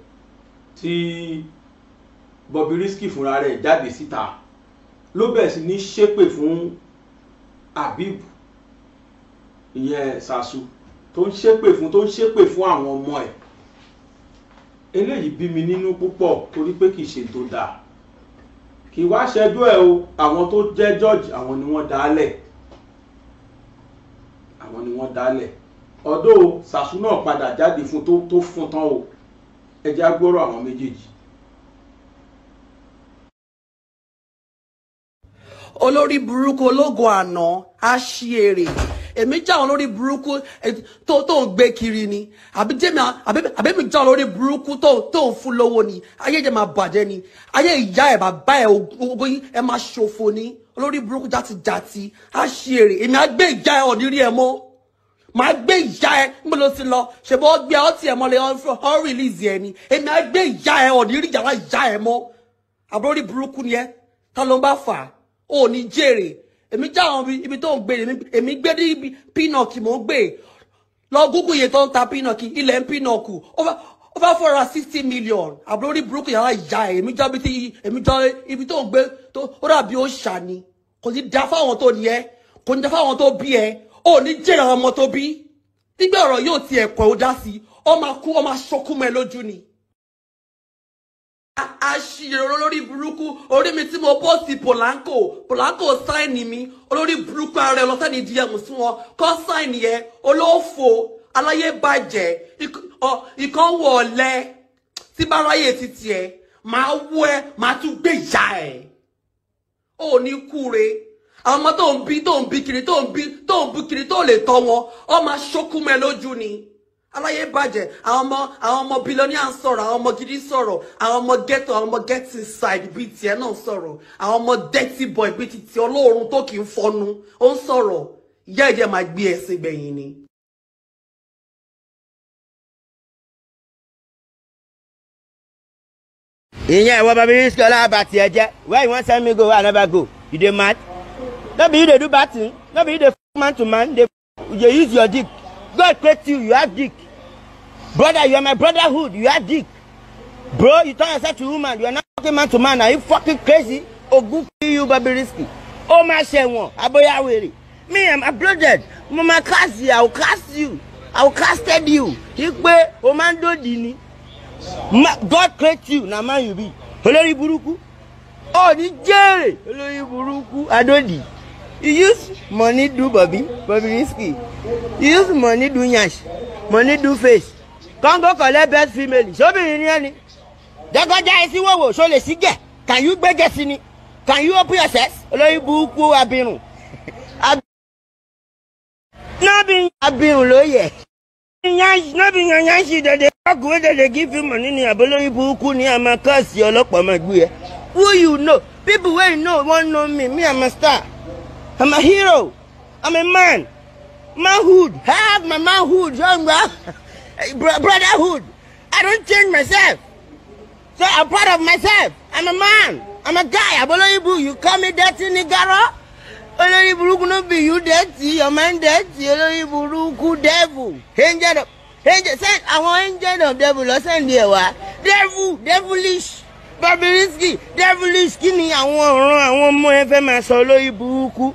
tí Bobrisky fúnra rẹ̀ jáde síta ló bẹ̀rẹ̀ sí ní ṣépè fún Habib ìyẹn Sasu tó ń ṣépè fún tó ń ṣépè fún àwọn ọmọ ẹ̀ eléyìí bí mi nínú púpọ̀ torí pé kì í ṣe tó dáa kì í wá ṣẹjú ẹ o àwọn tó jẹ́ George àwọn ni wọ́n dálẹ̀ àwọn ni wọ́n dálẹ̀ ọ̀dọ̀ sàṣù náà padà jáde fún tó fún tán o ẹjẹ́ agbóró àwọn méjèèjì. olórí burúkú ológun àná á ṣí èrè èmi já olórí burúkú tó tó ń gbé kiri ni àbí jẹ́mi àbẹ́mi já olórí burúkú tó tó ń fún lówó ni ayé jẹ́ máa bàjẹ́ ni ayé ìyá ẹ̀ bàbá ẹ̀ ogún ẹ̀ máa ṣòfò ni olórí burúkú játijáti á ṣí èrè èmi á gbé ìjà ẹ̀ ọ̀dírí ẹ̀ mọ́ màá gbé ìyá ẹ ń bọ́ ló ti lọ ṣèbọ̀ gbé ọtí ẹ mọ́lẹ̀ ọ́n rìlíìsì ẹ ni èmi á gbé ìyá ẹ ọ̀ nírí ìyàwó ìyá ẹ mọ́ àbúrórí burúkú ni ẹ tá ló ń bá fà á ò ní jèrè èmi já àwọn ibi tó ń gbé èmi gbé ní ibi pínọ̀kì mò ń gbé lọ gúgú iye tó ń ta pínọ̀kì ilẹ̀ ń pínọ̀kù ó bá fọ́ra sixty million àbúrórí burúkú yàrá ìyá ẹ èmi já ibi tó ń gbé ó dàbí ó ṣà ni kò ní dá fáwọn tó ní ẹ kò ní dá fáwọn tó bí ẹ ò ní jèrè àwọn ọmọ tó bí nígbà ọ̀rọ̀ yóò ti ẹ̀kọ́ ó dá sí ọ máa kú ọ máa ṣọkú mọ́ ẹ lójú ni. aṣèrò olórí burúkú orí mi tí mo bọ́ sí Polanco Polanco sáìnì mi olórí burúkú ara ẹ lọ́sẹ̀ni di ẹ̀mú sí wọn kọ́ sáìnì yẹn olóòfò aláyé bàjẹ́ ìkan wọ̀ ọ̀lẹ́ tí bá ráyè títì ẹ̀ máa wú ẹ máa tún gbé ìyá ẹ̀ ò ní kúre ọmọ tó ń bí tó ń bí kiri tó ń bí tó ń bí kiri tó lè tọ́ wọn ọmọ aṣókúmẹ lójú ni aláyé bàjẹ́ àwọn ọmọ àwọn ọmọ billionaire ń sọ̀rọ̀ àwọn ọmọ gidi sọ̀rọ̀ àwọn ọmọ ghetto àwọn ọmọ get inside bíi tiẹ̀ náà sọ̀rọ̀ àwọn ọmọ dirty boy bíi ti ti ọlọ́run tó kì í fọnu ó ń sọ̀rọ̀ ìyá ẹ̀jẹ̀ máa gbé ẹ̀sìn gbẹ̀yìn ni. ìyẹn ìwọ bàbá bírísíkì ọlọ́wà bàtì ẹ̀jẹ̀ where you wan send me go I never go you dey mad no be you dey do bad thing no be you dey f man to man dey you use your dick god create you you have dick brother you are my brotherhood you have dick bro you turn yourself to woman you are not fucking man to man are you fucking crazy ogun kill you baby risky ó máa ṣẹ̀wọ̀n aboyawere me i'm uploaded mo máa cast you i will cast you i will casted you kí pé o máa ń dòdì god create you na man you be olórí burúkú ó ní jèrè olórí burúkú adódì you use money do Bobby, Bobby risky. you use money do yansh money do face come go collect best female ṣóbìnrin ni ẹni jẹgọjẹ ẹsí wòwò ṣó lè sí gẹ can you gbẹgẹ sí ni can you open your chest olóyún buku abirùn nobin abirùn ló yẹ. nobin yan yan ṣi dede kọkùn wey dede give you money ni àbólóyún burúkú ni àmà kọ́ọ̀sì ọlọ́pàá máa gbé who you know people wey you know wan know me me am a star. I'm a hero. I'm a man. Manhood. I have my manhood. Brotherhood. I don't change myself. So I'm proud of myself. I'm a man. I'm a guy. I'm Oloyibu. You call me dirty nigga. Oloyibu could be you dirty. Your man dirty. Oloyibu devil. Angel of angel. Send àwọn angel of devil. Lọ send there wa. Devil. Devilish. Babiriski. Devilish. Kí ni àwọn ọ̀ràn àwọn ọmọ ẹ fẹ́ máa sọ Oloyibu kú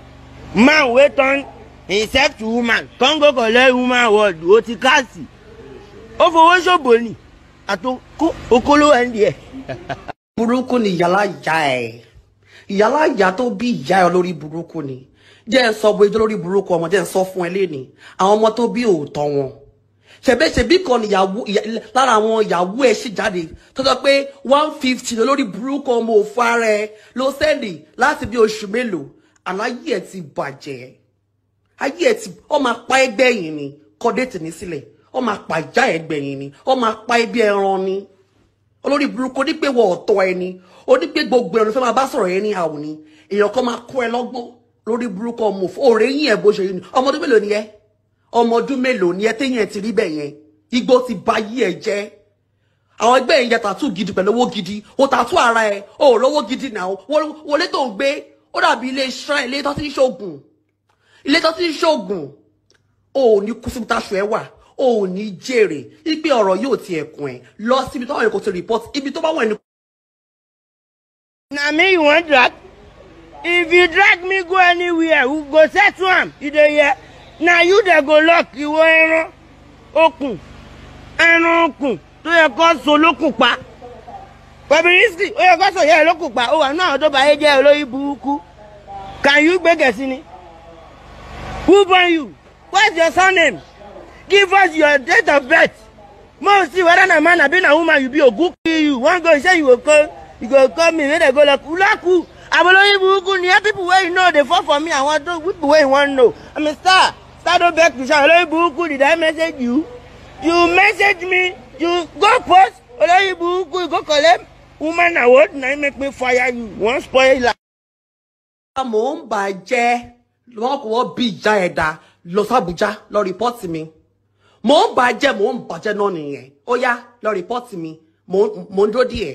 man wey turn himself to woman come go collect woman word o ti káàsì ó fowó ṣòbò ni àti okòló ẹ̀ ń burúkú ni yàrá ìyá ẹ yàrá ìyá tó bí ìyá ẹ lórí burúkú ni jẹ́ ẹ sọ bo ijó lórí burúkú ọmọ jẹ́ ẹ sọ fún ẹ lẹ́ni àwọn ọmọ tó bí òótọ́ wọn ṣèbéṣebí kan níyàwó lára àwọn ìyàwó ẹ ṣì jáde tó pé one fifty lórí burúkú ọmọ òfò ara ẹ ló sẹ́ẹ̀lì láti bí oṣù mélòó aláyé ẹ ti bàjẹ́ ayé ẹ ti ọ máa pa ẹgbẹ́ yìí ni kọ́dẹ́tì ní sílẹ̀ ọ máa pa ìjà ẹgbẹ́ yìí ni ọ máa pa ẹbí ẹran ni olórí burúkú onígbé wọ ọ̀tọ̀ ẹni onígbé gbogbo ẹ̀rọ fẹ́ máa bá sọ̀rọ̀ ẹni àwọn ni èèyàn kan máa kọ́ ẹ lọ́gbọ́n lórí burúkú ọmọ òòrè yín ẹ̀ bó ṣe yín ni ọmọ ọdún mélòó ni ẹ ọmọ ọdún mélòó ni ẹ téyàn ti rí bẹ̀ yẹn igbó ti ba yí ẹ jẹ́ àwọn ẹgbẹ́ yẹn yẹ tàtú gidi pẹ̀lú owó gidi o tàtú ara ẹ o lówó gidi náà wọlé tó ń gbé ó dàbí ilé iṣan ilé tó ti ń ṣoògùn ilé tó ti ń ṣoògùn o ò ní kú síbi táṣù ẹ wà o ò ní jèrè wípé ọ̀rọ̀ yóò ti ẹ̀kún ẹ̀ lọ síbi tó wà ní kò ti report ibi tó bá wà ní. na me you wan drag if you drag me go anywhere we go settle am you dey hear na you dey go lock ìwọ ẹran Okun. ẹran okun. tó yẹ kó so lókùn pa. Bobrisky ó yẹ yẹ ló kù pa ó wà ní àwọn tó bá yé jẹ́ olóyè burúkú can you gbé gẹ̀ẹ́sì ni who born you what's your surname give us your date of birth mo see whether na man abi na woman you be ogun kill you wan go say you go call you go call me make dem go lock ulaku aboloyin burúkú ni people wey you know dey fall for me àwọn tó people wey you wan know i'm a star star don beg to shout olóyin burúkú did i message you you message me you go post olóyin burúkú you go collect woman na what na make me fire you One spoil life. Ah, mo ń bà jẹ́ wọn kò wọ́n bí ìjà ẹ̀dá lọ sàbújá lọ mi mo ń bà jẹ́ mo ń bàjẹ́ náà nìyẹn ó yá lọ rìpọ́ọ̀tì mi mo ń dúró díẹ̀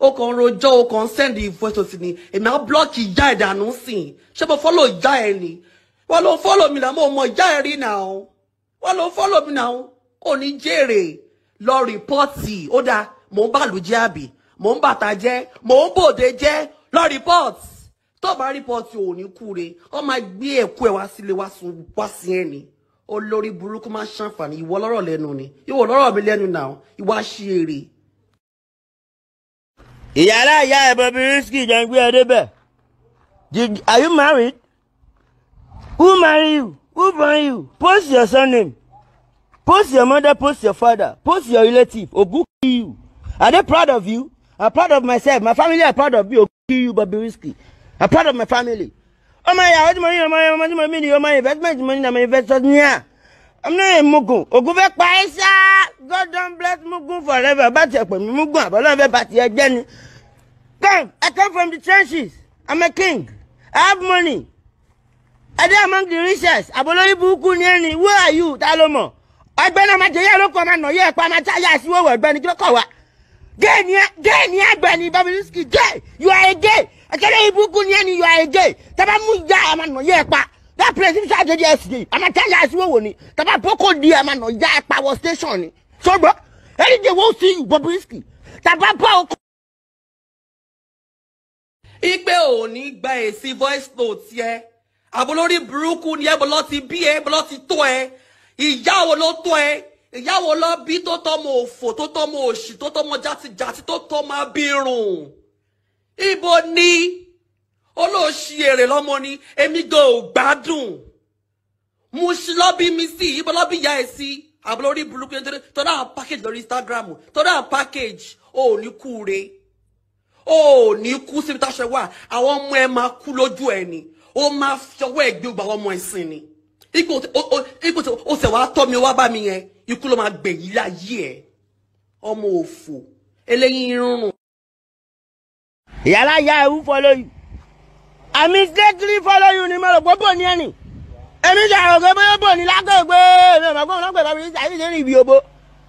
ó kàn rojọ́ ó kàn sẹ́ndì voice sí ni E á blọ́ọ̀kì ìjà ẹ̀dá nù sìn ṣé mo fọ́lọ̀ ìjà ẹ̀ ni wọ́n ló fọ́lọ̀ mi làwọn mo ìjà ẹ̀ rí now. wọ́n ló fọ́lọ̀ mi now. ò ní jèrè lọ rìpọ́ọ̀tì ó dáa mò ń bàlùjẹ́ àbí mò ń bàtà jẹ́ mò ń bòde jẹ́ lọ report tó bá report ò ní kúre ó máa gbé ẹ̀kú ẹ̀ wá sílé wá sun wá sí ẹ̀ ni olórí burúkú máa ṣàǹfààní ìwọ lọ́rọ̀ lẹ́nu ni ìwọ lọ́rọ̀ mi lẹ́nu náà ìwọ àṣìírí. ìyàrá ìyá ẹ̀ bọ̀ bírísìkì jẹ́ ń gbé ẹ débẹ̀ are you married? Who marry you? Who born you? Post your surname. Post your mother, post your father, post your relative, kill you. Are they proud of you? I'm proud of myself. My family are proud of you. Kill you, Bobrisky. I'm proud of my family. Oh my God, money, oh my, oh my, my money, oh my investment, money, money investors, yeah. I'm not a mugu. Oguve paisa. God don't bless mugu forever. But you put mugu. I love but you again. Come, I come from the trenches. I'm a king. I have money. I dey among the richest. Abolori buku ni eni. Where are you? Ta ló mọ̀. Ẹgbẹ́ náà máa jẹ́ yẹ́ ló kọ́ máa nà yẹ́ ẹ̀pá máa já yá sí wọ́wọ́ ẹgbẹ́ ni kí ló kọ̀ gay ni ẹ gay ni ẹ gbẹ gay you are a gay akẹ́lẹ́ ibùkún ni ẹ you are a gay tẹ́lẹ̀ mú ya ẹ̀ máa nà yẹ ẹ pa that place ṣáà jẹ́ jẹ́ ẹ̀sìn yìí àmà tẹ́lẹ̀ àìsí wò wò ni tẹ́lẹ̀ poko di ẹ̀ máa nà ya ẹ pa wọ station ni sọ́gbọ́ ẹni jẹ́ wọ́n sí Bobrisky tẹ́lẹ̀ pa ọkọ. ipe ò ní gba èsì voice note yẹ àbólórí burúkú ni ẹ bọ́lọ́ ti bí ẹ bọ́lọ́ ti tó ẹ ìyá wo ló tó ẹ ìyàwó lọ bí tó tọmọ òfò tó tọmọ òṣì tó tọmọ játijàti tó tọmọ abirùn ibo ni olóòṣì èrè lọmọ ni èmi gan ò gbádùn mo ṣì lọ́bí mi sí ibo lọ́bí ìyá ẹ̀ sí àbúlórí burúkú nítorí tó dáhà package lórí Instagram tó dáhà package ò ní kú re ò ní kú síbi táṣẹ wà àwọn ọmọ ẹ máa kú lójú ẹ ni ó máa fi ọwọ́ ẹ gbé ọmọ ẹ sìn ni ipò ipò o ṣe wàá tọ́ mi wá bá mi yẹn ikú ló máa gbẹ̀yìn láyé ẹ̀ ọmọ òfò eléyìí rúnrún. ìyálà ya ewu follow you I mistakenly follow you ni mo rò pé bò ní ẹnì èmi ṣe àrògbé bóyá bò ní lágbègbè mi ò mọ̀ pé òun lọ́gbẹ̀ẹ́ bá mi ṣe àyíṣe ní ibi òbo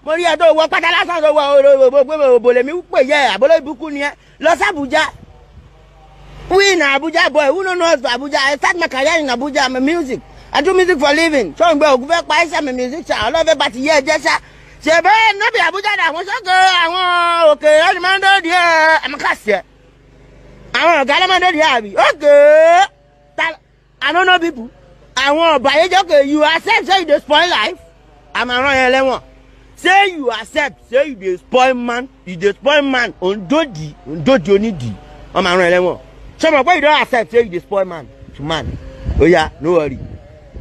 mo rí ẹ tó wọ pátá lásán tó wọ òbò pé òbò lèmi pè yẹ àbóló ìbùkún ni ẹ lọ sí Àbújá we in Abuja boy who no know Abuja I start my career in Abuja I'm a music. I do music for living So, I some music. ṣé òun gbé ògùn fẹ́ pa ẹ́ sàmì musician ọlọ́fẹ́ bá ti yé ẹ jẹ́ sá ṣèbẹ́ nọ́bì àbújá dà àwọn a àwọn I ẹ̀rìmọ́ndọ́dì ẹ̀ àmọ́kàsì ẹ̀ àwọn ọ̀gá ẹ̀rìmọ́ndọ́dì àbí òkè ànọ́nọ́ bíbù àwọn ọ̀bàyéjọ́ kè you accept say you dey spoil life I'm around here lẹ́wọ̀n say you accept say you dey spoil man you dey spoil man on on òǹdòdì òǹdòdì onídìí ọmọ àrùn ẹlẹ́wọ̀n my boy, you don't accept say you dey spoil man to man yeah, no worry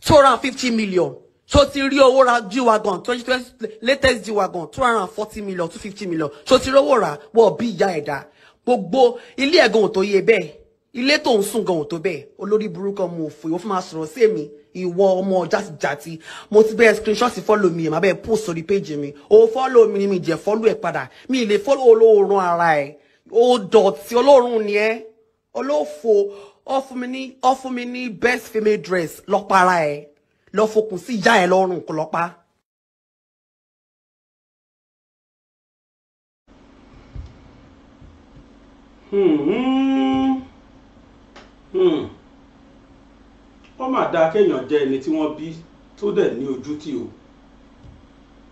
two hundred and fifty million so ti rí owó ra g-wagon twenty twenty latest g-wagon two hundred and forty million two fifty million so ti rówó ra wọ bí ìyá ẹ̀dá gbogbo ilé ẹ̀gàn ò tó yẹ bẹ́ẹ̀ ilé tó ń sùn gan ò tó bẹ́ẹ̀ olórí burúkú ọmọ òfò ìwọ fún máa sọ̀rọ̀ sí èmi ìwọ ọmọ játijàti mo ti bẹ́ẹ̀ screenshot follow mi ẹ̀ máa bẹ́ẹ̀ post sórí page mi o follow mi ni mi jẹ́ follow ẹ̀ padà mi ì lè follow olóorun ara ẹ̀ o dọ̀tí olóorun ni ẹ́ olófo ó fún mi ní ó mi ní best female dress lọ́pa ara ẹ̀ lọ́ fokùn sí ìyá ẹ̀ lọ́rùn kò lọ́pa. Hmm, hmm. ó mà dáa kéèyàn jẹ́ ẹni tí wọ́n bí tó dẹ̀ ní ojútì o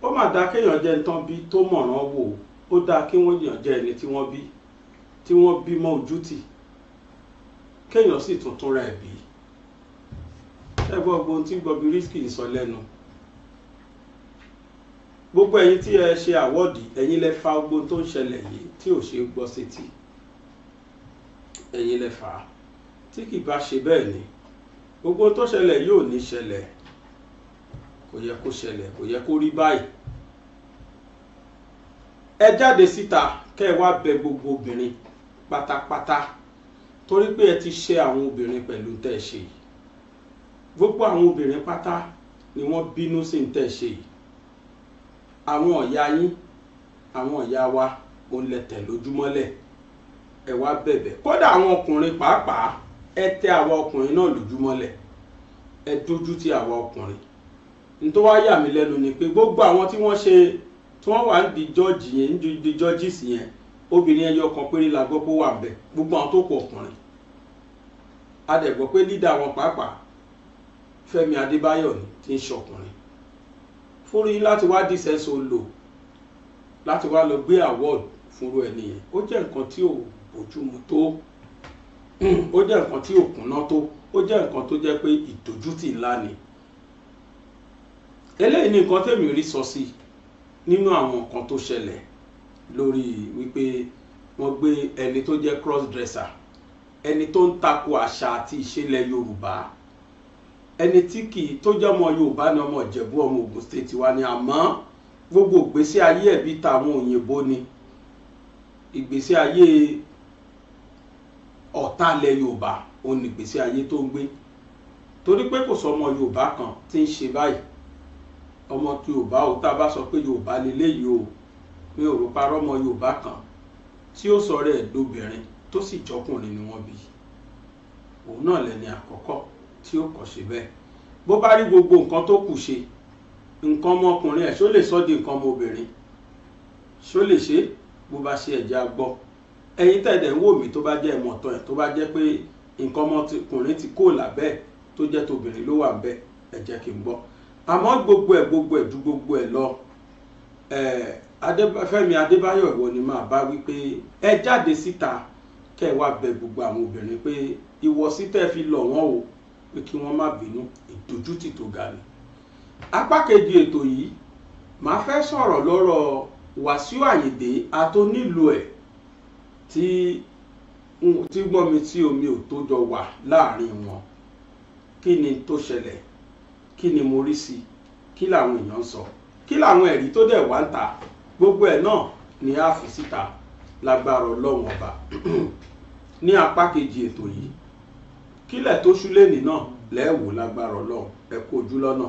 ó mà dáa kéèyàn jẹ́ ẹni tán bí tó mọ̀ràn wò ó dáa kí wọ́n yàn jẹ́ ẹni tí wọ́n bí tí wọ́n bí mọ́ ojútì kéèyàn sì tuntun rẹ̀ bí ẹgbọ́n ohun tí Bobrisky sọ lẹ́nu gbogbo ẹ̀yin tí ẹ ṣe àwọ́dì ẹ̀yin lẹ fa gbogbo tó ń ṣẹlẹ̀ yìí tí ò ṣe gbọ́ sétí ẹ̀yin lẹ fà tí kì bá ṣe bẹ́ẹ̀ ni gbogbo tó ṣẹlẹ̀ yóò ní ṣẹlẹ̀ kò yẹ kó ṣẹlẹ̀ kò yẹ kó rí báyìí ẹ jáde síta kẹ́ ẹ wá bẹ̀ gbogbo obìnrin pátápátá torí pé ẹ ti ṣe àwọn obìnrin pẹ̀lú tẹ́ ẹ ṣe yìí gbogbo àwọn obìnrin pátá ni wọ́n bínú sí tẹ́ ẹ ṣe yìí àwọn ọ̀yá yín àwọn ọ̀yá wa ò ń lẹ̀tẹ̀ lójúmọ́lẹ̀ ẹ wá bẹ̀bẹ̀ kódà àwọn ọkùnrin pàápàá ẹ tẹ àwa ọkùnrin náà lójúmọ́lẹ̀ ẹ dójú ti àwa ọkùnrin nítorí wá yà mí lẹ́nu ni pé gbogbo àwọn tí wọ́n ṣe tí wọ́n wà ń di jọ́ọ̀jì yẹn ń di jọ́ọ̀jì sí yẹn obìnrin ẹyọ kan péré la gbọ́ pé ó wà bẹ̀ gbogbo àwọn tó kù ọkùnrin a dẹ̀ gbọ́ pé lídà wọn pàápàá Fẹ́mi Adébáyọ̀ ni ti ń ṣọkùnrin fúnri láti wá dísẹ́sọ lò láti wá lọ gbé award fúnru ẹ̀ nìyẹn ó jẹ́ nǹkan tí ò bójúmu tó ó jẹ́ nǹkan tí ò kúnná tó ó jẹ́ nǹkan tó jẹ́ pé ìdójútì ńlá ni eléyìí ni nǹkan tèmi rí sọ sí nínú àwọn nǹkan tó ṣẹlẹ̀ lórí wípé wọ́n gbé ẹni tó jẹ́ crossdresser ẹni tó ń takò àṣà àti ìṣẹ̀lẹ̀ yorùbá ẹni tí kì í tó jẹ́ ọmọ yorùbá ni ọmọ ìjẹ̀bú ọmọ ògùn state wa ni àmọ́ gbogbo ìgbésí ayé ẹ̀bí tàwọn òyìnbó ni ìgbésí ayé ọ̀tálẹ̀ yorùbá òun ni ìgbésí ayé tó ń gbé torí pé kò sọmọ yorùbá kan tí ń ṣe báyìí ọmọ tí yorùbá ò tá a bá sọ pé yorùbá lélẹ́yìí o mi ò rò parọ́ ọmọ Yorùbá kan tí ó sọ̀rọ̀ ẹ̀ dobìnrin tó sì jọkùnrin ni wọ́n bí òun náà lẹ́ni àkọ́kọ́ tí ó kọ̀ ṣe bẹ́ẹ̀ bó bá rí gbogbo nǹkan tó kù ṣe nǹkan ọmọkùnrin ẹ̀ ṣó lè sọ di nǹkan ọmọbìnrin ṣó lè ṣe bó bá ṣe ẹ̀já gbọ́ ẹ̀yin tẹ̀dẹ̀ ń wò mí tó bá jẹ́ ìmọ̀tàn ẹ̀ tó bá jẹ́ pé nǹkan ọmọkùnrin ti kó làbẹ́ tó jẹ́ tobìnrin ló wà bẹ́ẹ̀ ẹ jẹ́ kí n gbọ́ àmọ́ gbogbo ẹ̀ gbogbo ẹ̀ ju gbogbo ẹ̀ lọ ẹ̀ẹ́ Fẹ́mi Adébáyọ̀ ìwọ ni máa bá wípé ẹ jáde síta kẹ́ ẹ wá bẹ gbogbo àwọn obìnrin pé ìwọ̀sí tẹ́ fi lọ̀ wọ́n o pé kí wọ́n má bínú ìdójútì tó ga ni. apá kejì ètò yìí màá fẹ́ sọ̀rọ̀ lọ́rọ̀ Wàsíù Àyìndé atónílù ẹ̀ tí tí gbọ́nmi tí omi ò tó jọ wà láàrin wọn kí ni tó ṣẹlẹ̀ kí ni mo rí sí kí làwọn èèyàn sọ kí làwọn ẹ̀rí tó dẹ̀ wá ń ta gbogbo ẹ̀ náà ni a fi síta lágbára ọlọ́run ọba ní apá kejì ètò yìí kílẹ̀ tó ṣúlẹ̀ nì náà lẹ́ẹ̀wò lágbára ọlọ́run ẹ kó ojú lọ́nà.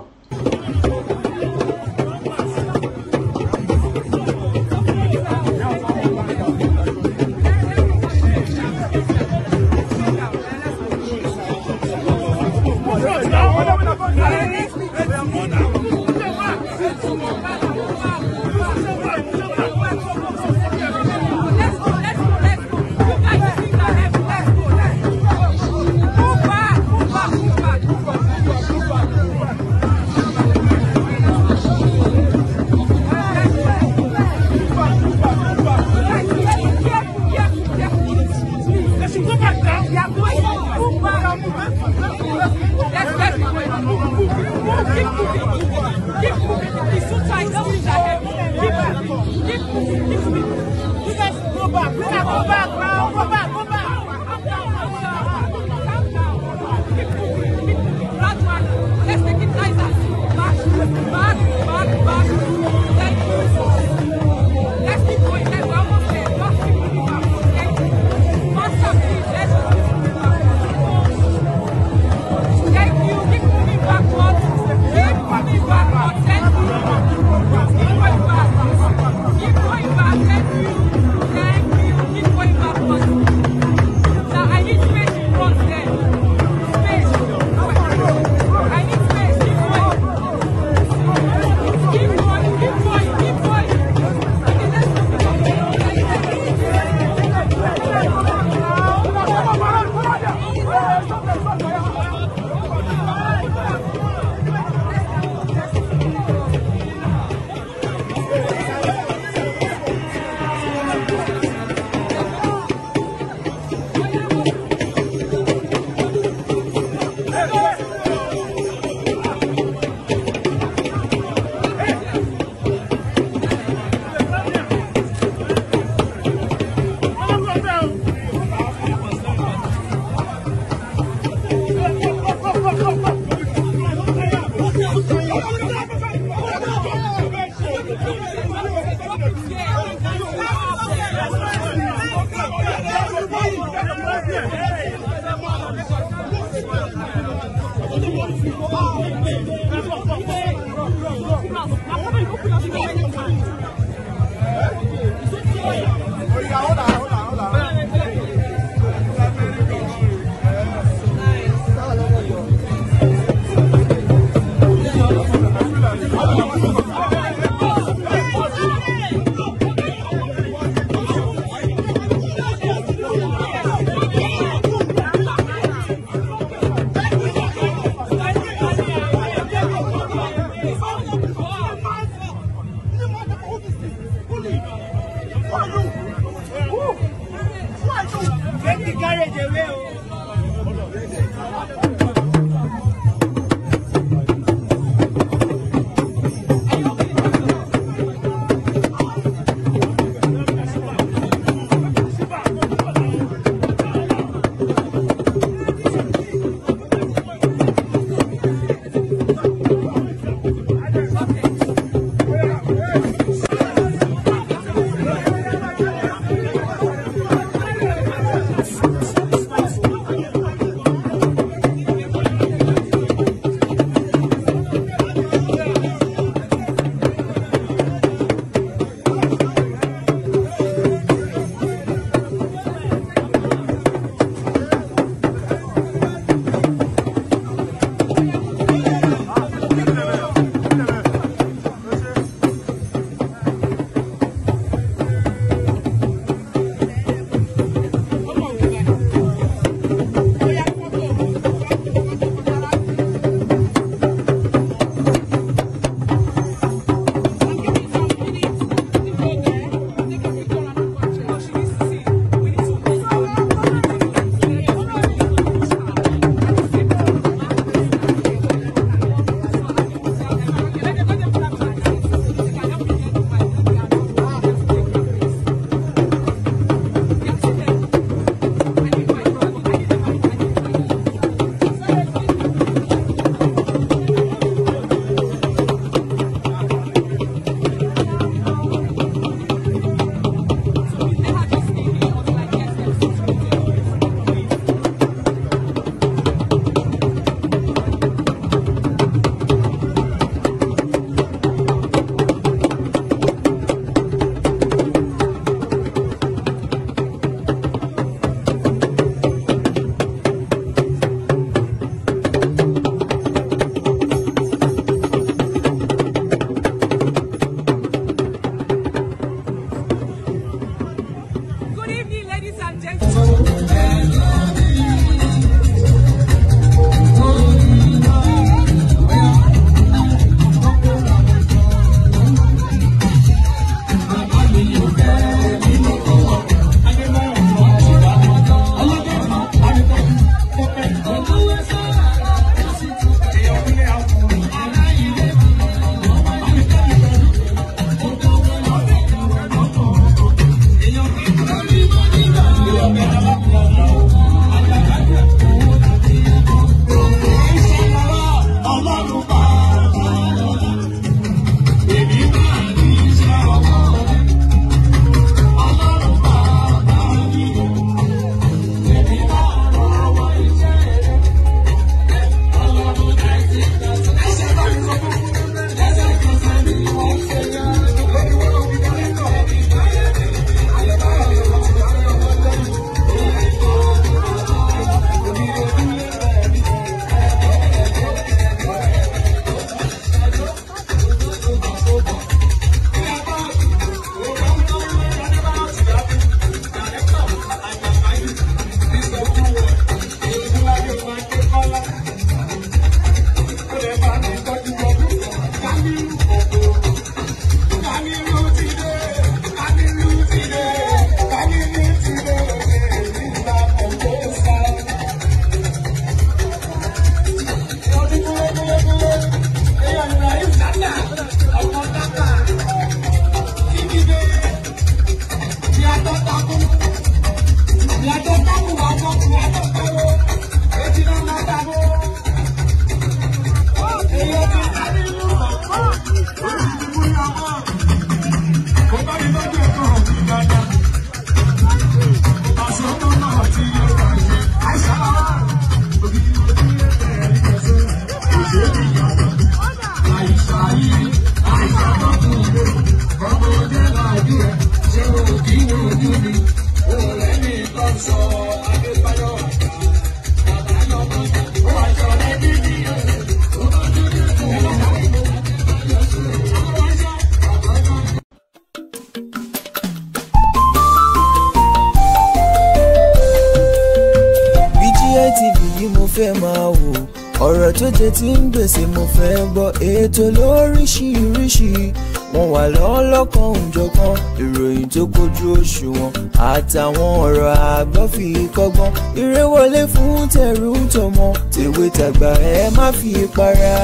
àtàwọn ọ̀rọ̀ àgbọ́ fi kọ́gbọ́n eré wọlé fún tẹrú tọmọ tèwe tàgbà ẹ má fi para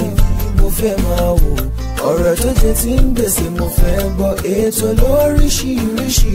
o mo fẹ́ máa wò ọ̀rọ̀ tó jẹ ti ń gbèsè mo fẹ́ gbọ́ ètò lóríṣiríṣi